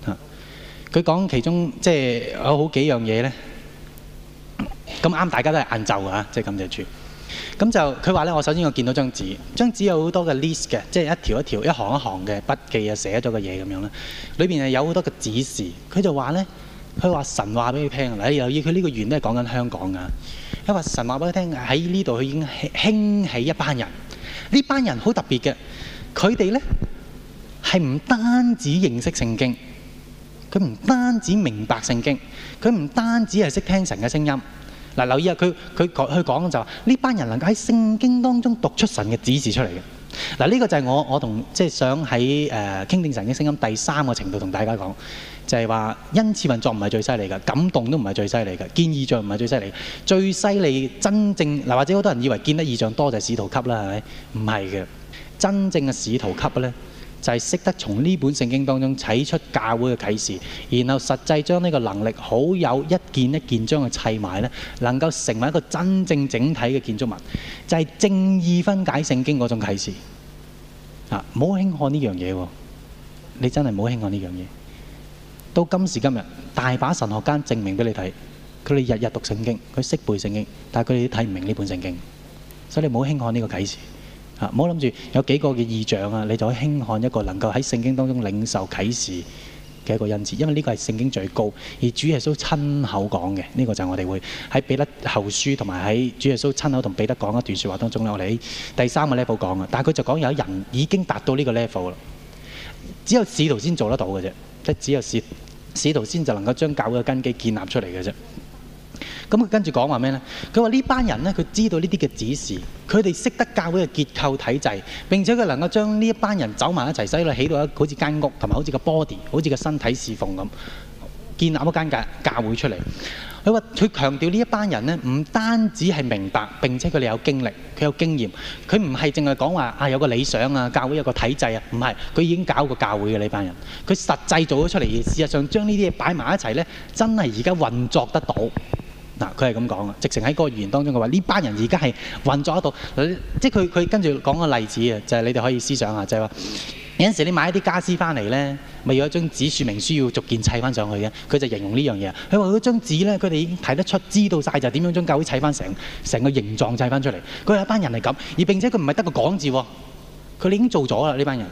嚇，佢講其中即係有好幾樣嘢呢，咁啱大家都係晏晝啊，即係感謝主，咁就佢話呢，我首先我見到張紙，張紙有好多嘅 list 嘅，即係一條一條、一行一行嘅筆記啊，寫咗個嘢咁樣啦。裏邊有好多嘅指示，佢就話呢。佢話神話俾佢聽，嗱，留意佢呢個願咧係講緊香港噶。佢話神話俾佢聽，喺呢度佢已經興起一班人。呢班人好特別嘅，佢哋咧係唔單止認識聖經，佢唔單止明白聖經，佢唔單止係識聽神嘅聲音。嗱，留意下，佢佢佢講嘅就係呢班人能夠喺聖經當中讀出神嘅指示出嚟嘅。嗱，呢個就係我我同即係想喺誒傾定神經聲音第三個程度同大家講，就係話因此運作唔係最犀利嘅，感動都唔係最犀利嘅，見意象唔係最犀利，最犀利真正嗱，或者好多人以為見得意象多就係使徒級啦，係咪？唔係嘅，真正嘅使徒級呢，就係識得從呢本聖經當中睇出教會嘅啟示，然後實際將呢個能力好有一件一件將佢砌埋呢能夠成為一個真正整體嘅建築物。就係正義分解聖經嗰種啟示，啊，唔好輕看呢樣嘢喎！你真係唔好輕看呢樣嘢。到今時今日，大把神學家證明俾你睇，佢哋日日讀聖經，佢識背聖經，但係佢哋都睇唔明呢本聖經，所以你唔好輕看呢個啟示，啊，唔好諗住有幾個嘅意象啊，你就可以輕看一個能夠喺聖經當中領受啟示嘅一個恩賜，因為呢個係聖經最高，而主耶穌親口講嘅，呢、這個就是我哋會喺彼得後書同埋喺主耶穌親口同彼得講一段說話當中咧，我哋喺第三個 level 講嘅，但係佢就講有人已經達到呢個 level 啦，只有使徒先做得到嘅啫，即只有使使徒先就能夠將教嘅根基建立出嚟嘅啫。咁佢跟住講話咩呢？佢話呢班人呢，佢知道呢啲嘅指示，佢哋識得教會嘅結構體制，並且佢能夠將呢一班人走埋一齊，使佢起到一好似間屋，同埋好似個 body，好似個身體侍奉咁，建立一間教教會出嚟。佢話佢強調呢一班人呢，唔單止係明白，並且佢哋有經歷，佢有經驗，佢唔係淨係講話啊有個理想啊，教會有個體制啊，唔係佢已經搞過教會嘅、啊、呢班人，佢實際做咗出嚟，事實上將呢啲嘢擺埋一齊呢，真係而家運作得到。嗱，佢係咁講嘅，直情喺嗰個語言當中嘅話，呢班人而家係運作得到，即係佢佢跟住講個例子啊，就係、是、你哋可以思想下，就係、是、話有陣時你買一啲傢俬翻嚟咧，咪有一張紙説明書要逐件砌翻上去嘅，佢就形容呢樣嘢啊，佢話嗰張紙咧，佢哋已經睇得出知道晒就點、是、樣將舊嘢砌翻成成個形狀砌翻出嚟，佢有一班人係咁，而並且佢唔係得個講字，佢哋已經做咗啦，呢班人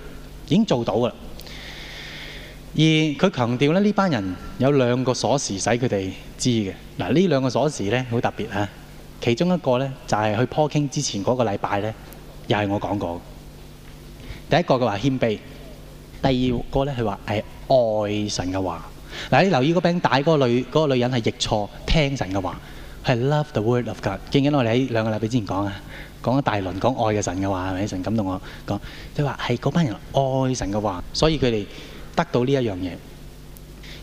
已經做到噶啦。而佢強調咧，呢班人有兩個鎖匙使佢哋知嘅。嗱，呢兩個鎖匙咧好特別啊。其中一個咧就係去 Porking 之前嗰個禮拜咧，又係我講過的。第一個佢話謙卑，第二個咧佢話係愛神嘅話。嗱，你留意個餅帶嗰個女嗰、嗰個、女人係譯錯聽神嘅話，係 love the word of God。記唔記得我哋喺兩個禮拜之前講啊？講咗大輪講愛嘅神嘅話係咪？神感動我講，佢話係嗰班人愛神嘅話，所以佢哋。得到呢一樣嘢，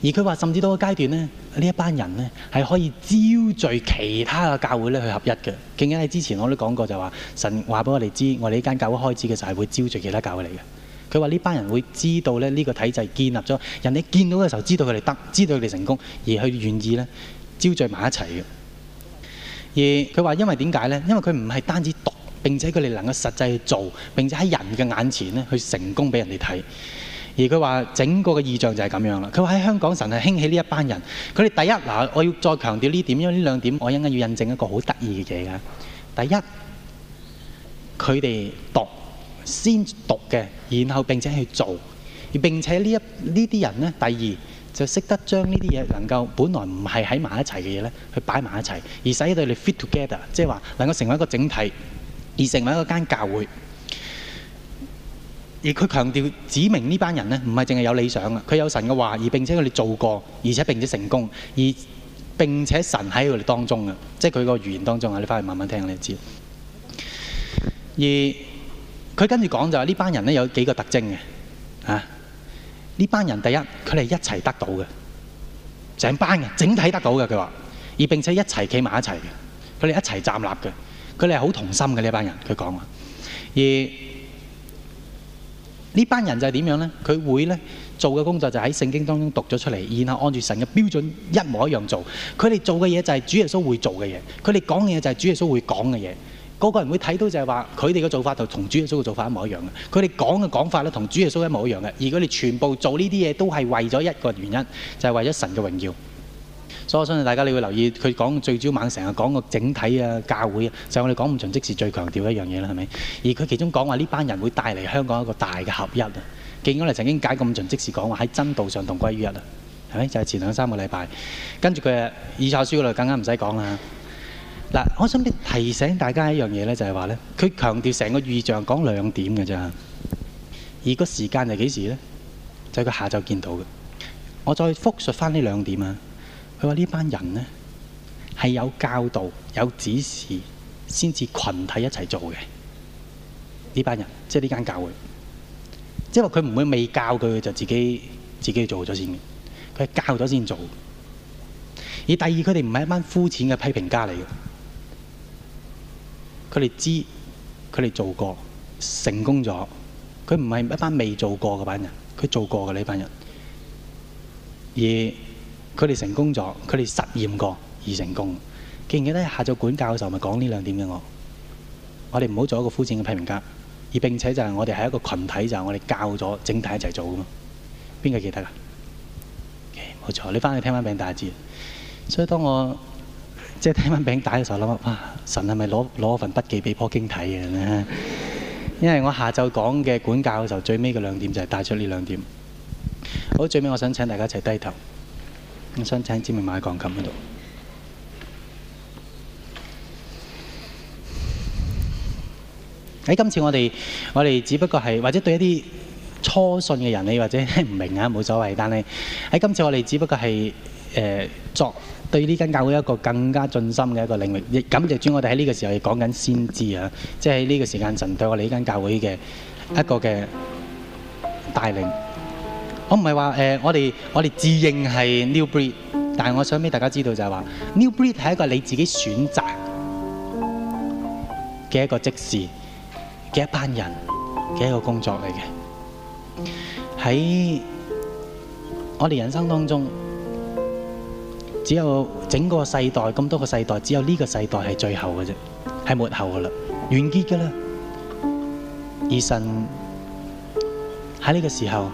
而佢話甚至到個階段呢，呢一班人呢係可以招聚其他嘅教會咧去合一嘅。記唔記得之前我都講過就話，神話俾我哋知，我哋呢間教會開始嘅時候係會招聚其他教會嚟嘅。佢話呢班人會知道咧呢個體制建立咗，人哋見到嘅時候知道佢哋得，知道佢哋成功，而去願意咧招聚埋一齊嘅。而佢話因為點解呢？因為佢唔係單止讀，並且佢哋能夠實際去做，並且喺人嘅眼前咧去成功俾人哋睇。而佢話整個嘅意象就係咁樣啦。佢話喺香港神係興起呢一班人。佢哋第一，嗱，我要再強調呢點，因為呢兩點我陣間要印證一個好得意嘅嘢嘅。第一，佢哋讀先讀嘅，然後並且去做，而並且呢一呢啲人咧，第二就識得將呢啲嘢能夠本來唔係喺埋一齊嘅嘢咧，去擺埋一齊，而使到你 fit together，即係話能夠成為一個整體，而成為一個間教會。而佢強調指明呢班人咧，唔係淨係有理想啊！佢有神嘅話，而並且佢哋做過，而且並且成功，而並且神喺佢哋當中嘅，即係佢個預言當中啊！你翻去慢慢聽，你知道。而佢跟住講就話呢班人咧有幾個特徵嘅啊！呢班人第一，佢哋一齊得到嘅，成班人整體得到嘅，佢話，而並且一齊企埋一齊嘅，佢哋一齊站立嘅，佢哋係好同心嘅呢班人，佢講話，而。呢班人就係點樣呢？佢會呢做嘅工作就喺聖經當中讀咗出嚟，然後按住神嘅標準一模一樣做。佢哋做嘅嘢就係主耶穌會做嘅嘢，佢哋講嘅嘢就係主耶穌會講嘅嘢。個個人會睇到就係話，佢哋嘅做法就同主耶穌嘅做法一模一樣嘅。佢哋講嘅講法咧同主耶穌一模一樣嘅，而佢哋全部做呢啲嘢都係為咗一個原因，就係為咗神嘅榮耀。所以我相信大家，你會留意佢講最朝晚成日講個整體啊，教會啊，就係、我哋講五盡，即是最強調一樣嘢啦，係咪？而佢其中講話呢班人會帶嚟香港一個大嘅合一啊。見我哋曾經解咁盡，即是講話喺真道上同歸於一啦，係咪？就係、是、前兩三個禮拜，跟住佢啊，以弗所書嗰度更加唔使講啦。嗱，我想提醒大家一樣嘢咧，就係話咧，佢強調成個預象講兩點嘅咋。而個時間係幾時咧？就係佢下晝見到嘅。我再復述翻呢兩點啊。佢話呢班人呢係有教導、有指示，先至群體一齊做嘅。呢班人即係呢間教會，即係話佢唔會未教佢就自己自己做咗先嘅。佢係教咗先做的。而第二，佢哋唔係一班膚淺嘅批評家嚟嘅。佢哋知，佢哋做過，成功咗。佢唔係一班未做過嘅班人，佢做過嘅呢班人。而佢哋成功咗，佢哋實驗過而成功。記唔記得下晝管教嘅時候，咪講呢兩點嘅我？我哋唔好做一個膚淺嘅批評家，而並且就係我哋係一個群體，就係、是、我哋教咗整體一齊做噶嘛。邊個記得㗎？冇、okay，錯，你翻去聽翻餅帶字。所以當我即係、就是、聽翻餅帶嘅時候，諗啊，神係咪攞攞份筆記俾波經睇嘅咧？因為我下晝講嘅管教嘅時候，最尾嘅兩點就係帶出呢兩點。好，最尾我想請大家一齊低頭。我想請子明埋喺鋼琴嗰度。喺今次我哋，我哋只不過係或者對一啲初信嘅人，你或者唔 明啊，冇所謂。但係喺今次我哋只不過係誒、呃、作對呢間教會一個更加盡心嘅一個領域。感謝主，我哋喺呢個時候要講緊先知啊，即係呢個時間神對我哋呢間教會嘅一個嘅帶領。我唔係話誒，我哋我哋自認係 New Breed，但係我想俾大家知道就係話，New Breed 係一個你自己選擇嘅一個即時嘅一班人嘅一個工作嚟嘅。喺我哋人生當中，只有整個世代咁多個世代，只有呢個世代係最後嘅啫，係末後噶啦，完結噶啦。而神喺呢個時候。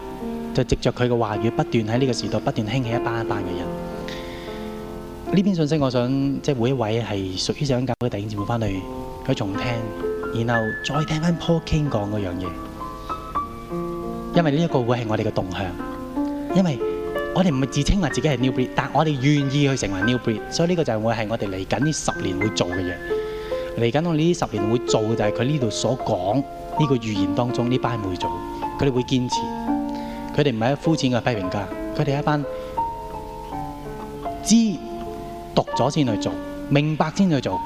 就藉着佢嘅話語，不斷喺呢個時代不斷興起一班一班嘅人。呢篇信息，我想即係每一位係屬於想教嘅弟兄姊妹翻去，佢仲聽，然後再聽翻 Paul Cain 講嗰樣嘢。因為呢一個會係我哋嘅動向，因為我哋唔係自稱話自己係 New Breed，但我哋願意去成為 New Breed，所以呢個就會係我哋嚟緊呢十年會做嘅嘢。嚟緊我哋呢十年會做嘅就係佢呢度所講呢個預言當中呢班會做，佢哋會堅持。佢哋唔係一膚淺嘅批評家，佢哋係一班知讀咗先去做，明白先去做，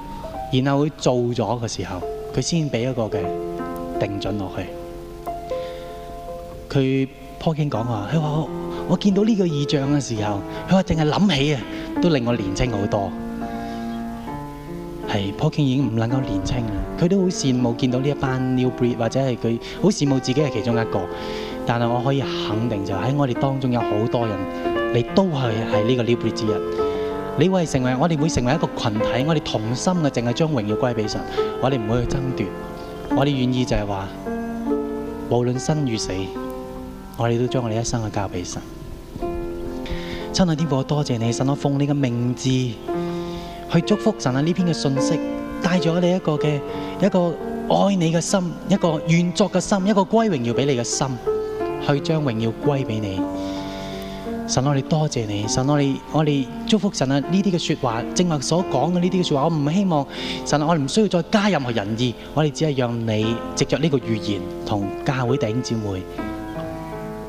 然後佢做咗嘅時候，佢先俾一個嘅定準落去。佢 Paul Cain 講話，佢話我，我見到呢個異象嘅時候，佢話淨係諗起啊，都令我年青好多。係 Paul Cain 已經唔能夠年青啦，佢都好羨慕見到呢一班 new breed 或者係佢好羨慕自己係其中一個。但係我可以肯定，就喺我哋當中有好多人，你都係係呢個了別之一。你會成為我哋會成為一個群體，我哋同心嘅，淨係將榮耀歸俾神。我哋唔會去爭奪，我哋願意就係話，無論生與死，我哋都將我哋一生嘅交俾神。親愛的天父，多謝你，神，我奉你嘅名字去祝福神喺呢篇嘅信息，帶咗我哋一個嘅一個愛你嘅心，一個願作嘅心，一個歸榮耀俾你嘅心。去將榮耀歸俾你，神，我哋多謝你，神，我哋我哋祝福神啊！呢啲嘅說話，正話所講嘅呢啲嘅說話，我唔希望神，我哋唔需要再加任何人意，我哋只係讓你藉着呢個預言同教會弟兄姊妹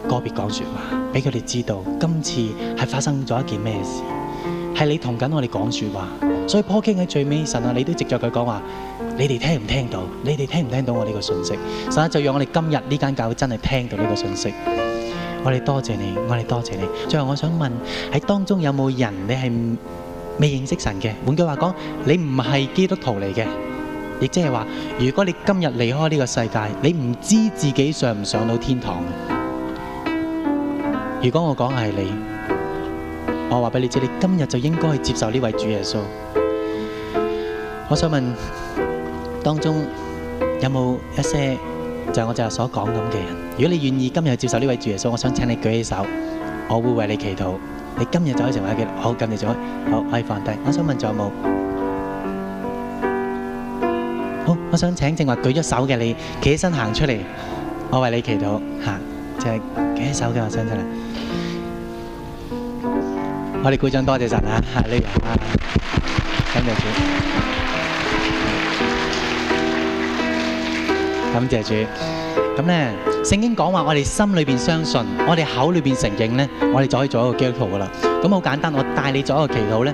個別講說話，俾佢哋知道今次係發生咗一件咩事，係你同緊我哋講說話。所以 Paul Cain 喺最尾，神啊，你都藉着佢講話，你哋聽唔聽到？你哋聽唔聽到我呢個信息？神啊，就讓我哋今日呢間教會真係聽到呢個信息。我哋多謝，謝你，我哋多謝，謝你。最後我想問，喺當中有冇人你係未認識神嘅？換句話講，你唔係基督徒嚟嘅，亦即係話，如果你今日離開呢個世界，你唔知自己上唔上到天堂。如果我講係你，我話俾你知，你今日就應該去接受呢位主耶穌。我想問，當中有冇一些就係、是、我今日所講咁嘅人？如果你願意今日接受呢位主耶穌，我想請你舉起手，我會為你祈禱。你今日就可以成為嘅，好，咁你就可，好，可以放低。我想問仲有冇？好，我想請正話舉咗手嘅你，企起身行出嚟，我為你祈禱。嚇，即係舉起手嘅，我想出嚟。我哋鼓掌，多謝神啊！呢樣啊，真感謝主，咁咧聖經講話我哋心裏邊相信，我哋口裏邊承認咧，我哋就可以做一個基督徒噶啦。咁好簡單，我帶你做一個祈禱咧，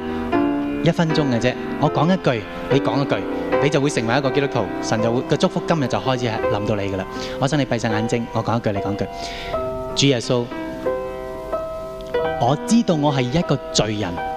一分鐘嘅啫。我講一句，你講一句，你就會成為一個基督徒，神就會個祝福今日就開始係臨到你噶啦。我想你閉上眼睛，我講一句，你講一句。主耶穌，我知道我係一個罪人。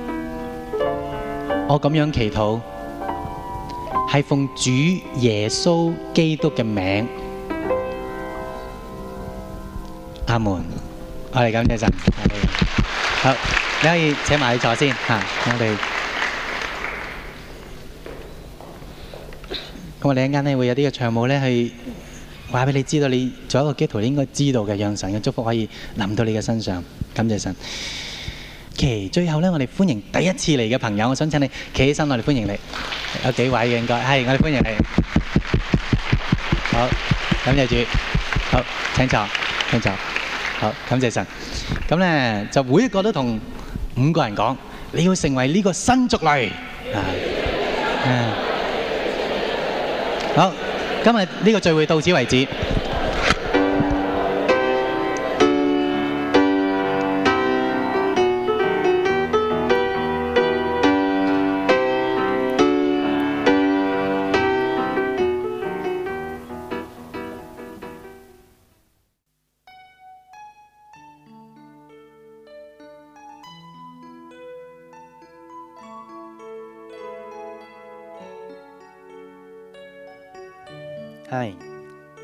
我咁樣祈禱，係奉主耶穌基督嘅名。阿門。我哋感謝神。好，你可以請埋去坐先吓。我哋咁啊，我哋一陣間咧會有啲嘅唱舞咧，去話俾你知道，你做一個基督徒應該知道嘅，讓神嘅祝福可以臨到你嘅身上。感謝神。其最後咧，我哋歡迎第一次嚟嘅朋友，我想請你企起身，我哋歡迎你。有幾位嘅應該係我哋歡迎你。好，感謝主。好，請坐，請坐。好，感謝神。咁咧，就每一個都同五個人講，你要成為呢個新族類。好，今日呢個聚會到此為止。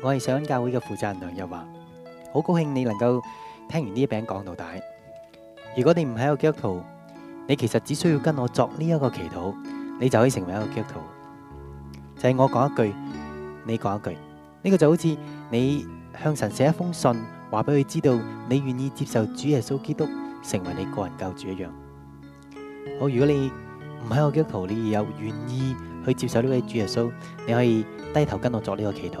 我係聖恩教會嘅負責人梁日華，好高興你能夠聽完呢一篇講道。如果你唔喺個基督徒，你其實只需要跟我作呢一個祈禱，你就可以成為一個基督徒。就係我講一句，你講一句，呢個就好似你向神寫一封信，話俾佢知道你願意接受主耶穌基督成為你個人救主一樣。好，如果你唔喺個基督徒，你有願意去接受呢位主耶穌，你可以低頭跟我作呢個祈禱。